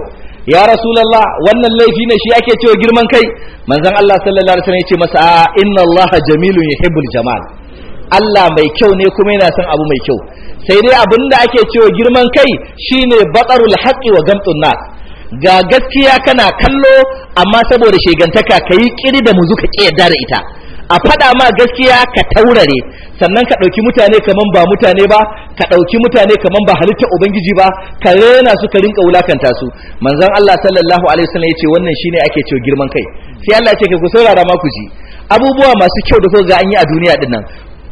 ya lalla. wannan laifi ne shi ake cewa girman kai manzan Allah sallallahu alaihi wasallam ya ce masa inna Allah jamilun yuhibbul jamal Allah mai kyau ne kuma yana son abu mai kyau sai dai abin da ake cewa girman kai shine batsarul haƙi wa gamtun nas ga gaskiya kana kallo amma saboda shegantaka kayi ƙiri da muzu ka yarda da ita a faɗa ma gaskiya ka taurare sannan ka ɗauki mutane kaman ba mutane ba ka ɗauki mutane kamar ba halitta ubangiji ba ka rena su ka rinka wulakanta su manzon Allah sallallahu alaihi wasallam yace wannan shine ake cewa girman kai sai Allah ya ce ku saurara ma ku ji abubuwa masu kyau da so ga an yi a duniya din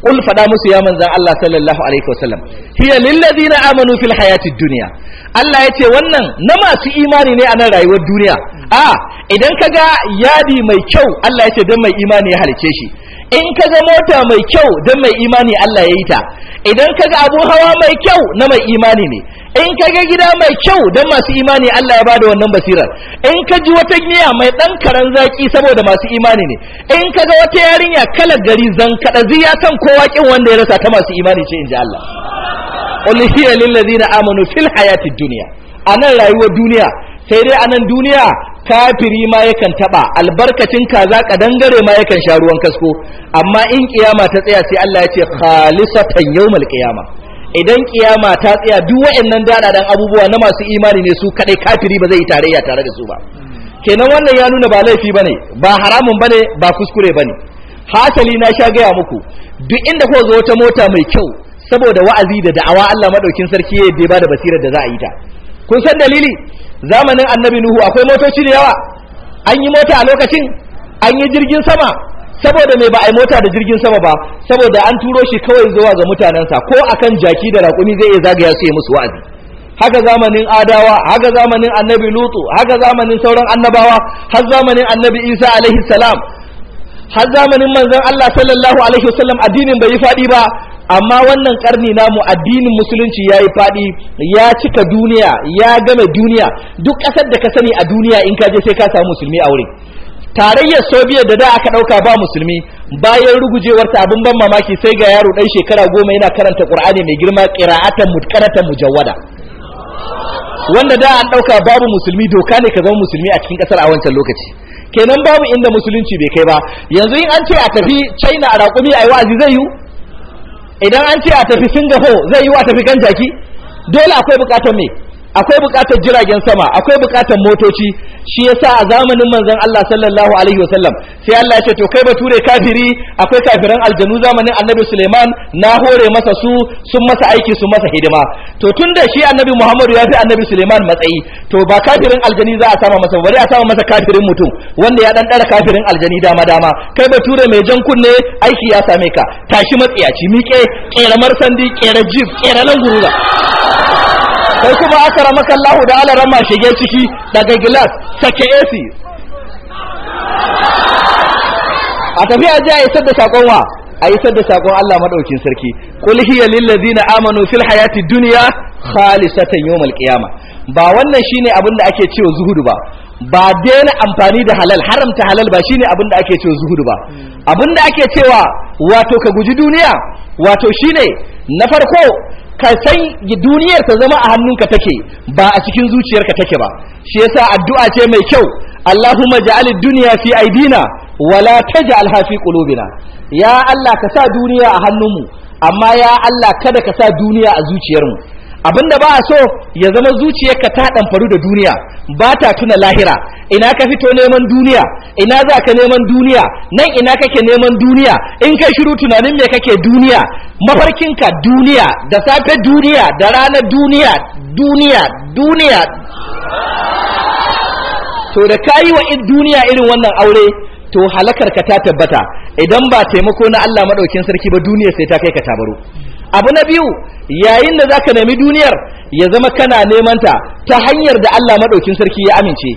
kul fada musu ya manzan Allah sallallahu alaihi wasallam hiya lil ladina amanu fil hayatid dunya Allah yace wannan na masu imani ne a nan rayuwar duniya a idan kaga yadi mai kyau Allah yace dan mai imani ya halice shi in ka ga mota mai kyau don mai imani Allah ya yi ta idan ka ga abu hawa mai kyau na mai imani ne in ka ga gida mai kyau don masu imani Allah ya bada wannan basirar in ka ji wata miya mai ɗan karen zaki saboda masu imani ne in ka ga wata yarinya kalar gari zan kaɗa ziya kan kowa kin wanda ya rasa ta masu imani ce in ji Allah qul hiya lil amanu fil hayati dunya anan rayuwar duniya sai dai anan duniya kafiri ma yakan taɓa albarkacin kaza ka dangare ma yakan sha ruwan kasko amma in kiyama ta tsaya sai Allah ya ce khalisatan yawmal qiyama idan kiyama ta tsaya duk waɗannan dadadan abubuwa na masu imani ne su kadai kafiri ba zai yi tarayya tare da su ba kenan wannan ya nuna ba laifi bane ba haramun bane ba kuskure bane hasali na sha gaya muku duk inda ko zo wata mota mai kyau saboda wa'azi da da'awa Allah madaukin sarki ya ba da basirar da za a yi ta kun san dalili zamanin annabi nuhu akwai motoci da yawa an yi mota a lokacin an yi jirgin sama saboda mai ba a yi mota da jirgin sama ba saboda an turo shi kawai zuwa ga mutanensa ko akan jaki da raƙumi zai iya zagaya su yi musu wa'azi haka zamanin adawa haka zamanin annabi lutu haka zamanin sauran annabawa har zamanin annabi isa alaihi salam har zamanin manzon Allah sallallahu alaihi wasallam addinin bai yi faɗi ba amma wannan karni namu addinin musulunci ya yi faɗi ya cika duniya ya game duniya duk ƙasar da ka sani a duniya in ka je sai ka samu musulmi a wurin tarayyar soviet da da aka ɗauka ba musulmi bayan rugujewar ta abin ban mamaki sai ga yaro ɗan shekara goma yana karanta ƙur'ani mai girma ƙira'atan mutkaratan mujawwada wanda da an ɗauka babu musulmi doka ne ka zama musulmi a cikin ƙasar a wancan lokaci kenan babu inda musulunci bai kai ba yanzu in an ce a tafi china a raƙumi a yi wa'azi zai yiwu idan an ce a tafi singapore zai yi wa tafi kan jaki dole akwai bukatar me akwai bukatar jiragen sama akwai bukatar motoci shi yasa a zamanin manzon Allah sallallahu alaihi wasallam sai Allah ya ce to kai bature kafiri akwai kafiran aljanu zamanin annabi Suleiman na hore masa su sun masa aiki sun masa hidima to tun da shi annabi Muhammadu ya fi annabi Suleiman matsayi to ba kafirin aljani za a sama masa bari a sama masa kafirin mutum wanda ya dan dara kafirin aljani dama dama kai bature mai jan kunne aiki ya same ka tashi matsiyaci miƙe ƙeramar sandi ƙera jib ƙera nan kai kuma aka rama kallahu da ala rama shige ciki daga gilas sake AC a tafi a jiya isar da wa a isar da sakon Allah maɗaukin sarki qul hiya lil ladina amanu fil hayati dunya khalisatan yawmal qiyamah ba wannan shine abin da ake cewa zuhudu ba ba daina amfani da halal haramta halal ba shine abin da ake cewa zuhudu ba abin da ake cewa wato ka guji duniya wato shine na farko ka san duniyar ta zama a hannunka take ba a cikin zuciyarka take ba shi yasa addu'a ce mai kyau Allahumma ja'al ad-dunya fi aidina wala taj'alha fi qulubina ya Allah ka sa duniya a hannunmu amma ya Allah kada ka sa duniya a zuciyarmu abinda ba a so ya zama ka ta ɗamfaru da duniya ba ta tuna lahira ina ka fito neman duniya ina za ka neman duniya nan ina kake neman duniya in kai shiru tunanin me kake duniya mafarkinka duniya da safe duniya da rana duniya duniya duniya to da kayi wa duniya irin wannan aure to halakar ka ta tabbata idan ba taimako na Allah madaukin sarki ba duniya sai ta kai ka tabaro abu na biyu yayin da zaka nemi duniyar ya zama kana neman ta ta hanyar da Allah madaukin sarki ya amince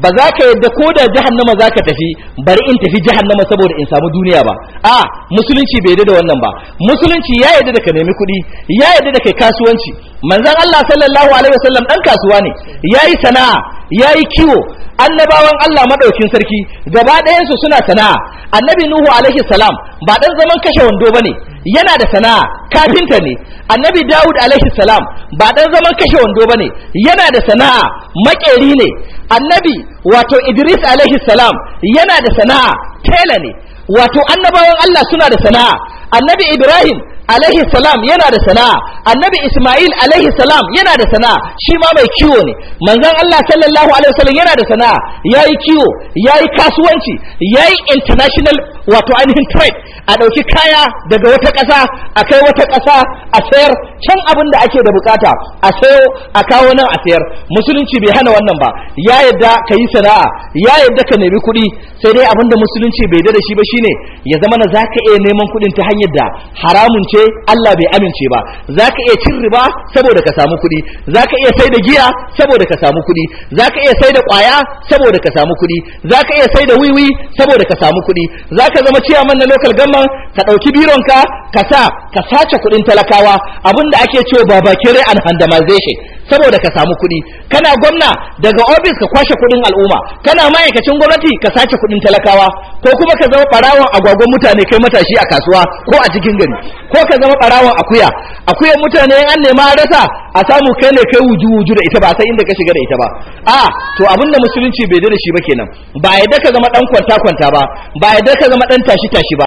ba za ka yadda ko da jahannama za ka tafi bari in tafi jahannama saboda in samu duniya ba a musulunci bai yadda da wannan ba musulunci ya yadda da ka nemi kuɗi ya yadda da kai kasuwanci manzon Allah sallallahu alaihi wasallam dan kasuwa ne yayi sana'a ya yi kiwo annabawan Allah maɗaukin sarki gaba ɗayansu suna sana'a annabi nuhu alaihi salam ba ɗan zaman kashe wando ba ne yana da sana'a kafinta ne annabi dawud alaihi salam ba ɗan zaman kashe wando ba ne yana da sana'a maƙeri ne annabi wato idris alaihi salam yana da sana'a tela ne wato annabawan Allah suna da sana'a annabi ibrahim alaihi salam yana da sana'a annabi isma'il alaihi salam yana da sana'a shi ma mai kiwo ne manzon Allah sallallahu alaihi wasallam yana da sana'a ya yi kiwo yayi kasuwanci yayi international wato ainihin trade a ɗauki kaya daga wata ƙasa a kai wata ƙasa a sayar can abin da ake da bukata a sayo a kawo nan a sayar musulunci bai hana wannan ba ya yadda ka yi sana'a ya yadda ka nemi kuɗi sai dai abin da musulunci bai da shi ba shine ya zama na zaka iya neman kuɗin ta hanyar da haramun amince Allah bai amince ba zaka iya cin riba saboda ka samu kuɗi zaka iya sai da giya saboda ka samu kuɗi zaka iya sai da ƙwaya saboda ka samu kuɗi zaka iya sai da wiwi saboda ka samu kuɗi zaka zama man na local government ka ɗauki bironka ka sa ka sace kuɗin talakawa abinda ake cewa rai an handamization saboda ka samu kuɗi kana gwamna daga ofis ka kwashe kuɗin al'umma kana ma'aikacin gwamnati ka sace kuɗin talakawa ko kuma ka zama ɓarawon agwagwan mutane kai matashi a kasuwa ko a cikin gari ko ka zama ɓarawon akuya akuyan mutane an nema rasa a samu kai ne kai wuju wuju da ita ba sai inda ka shiga da ita ba a to abin da musulunci bai da shi ba kenan ba yadda ka zama dan kwanta kwanta ba ba yadda ka zama ɗan tashi tashi ba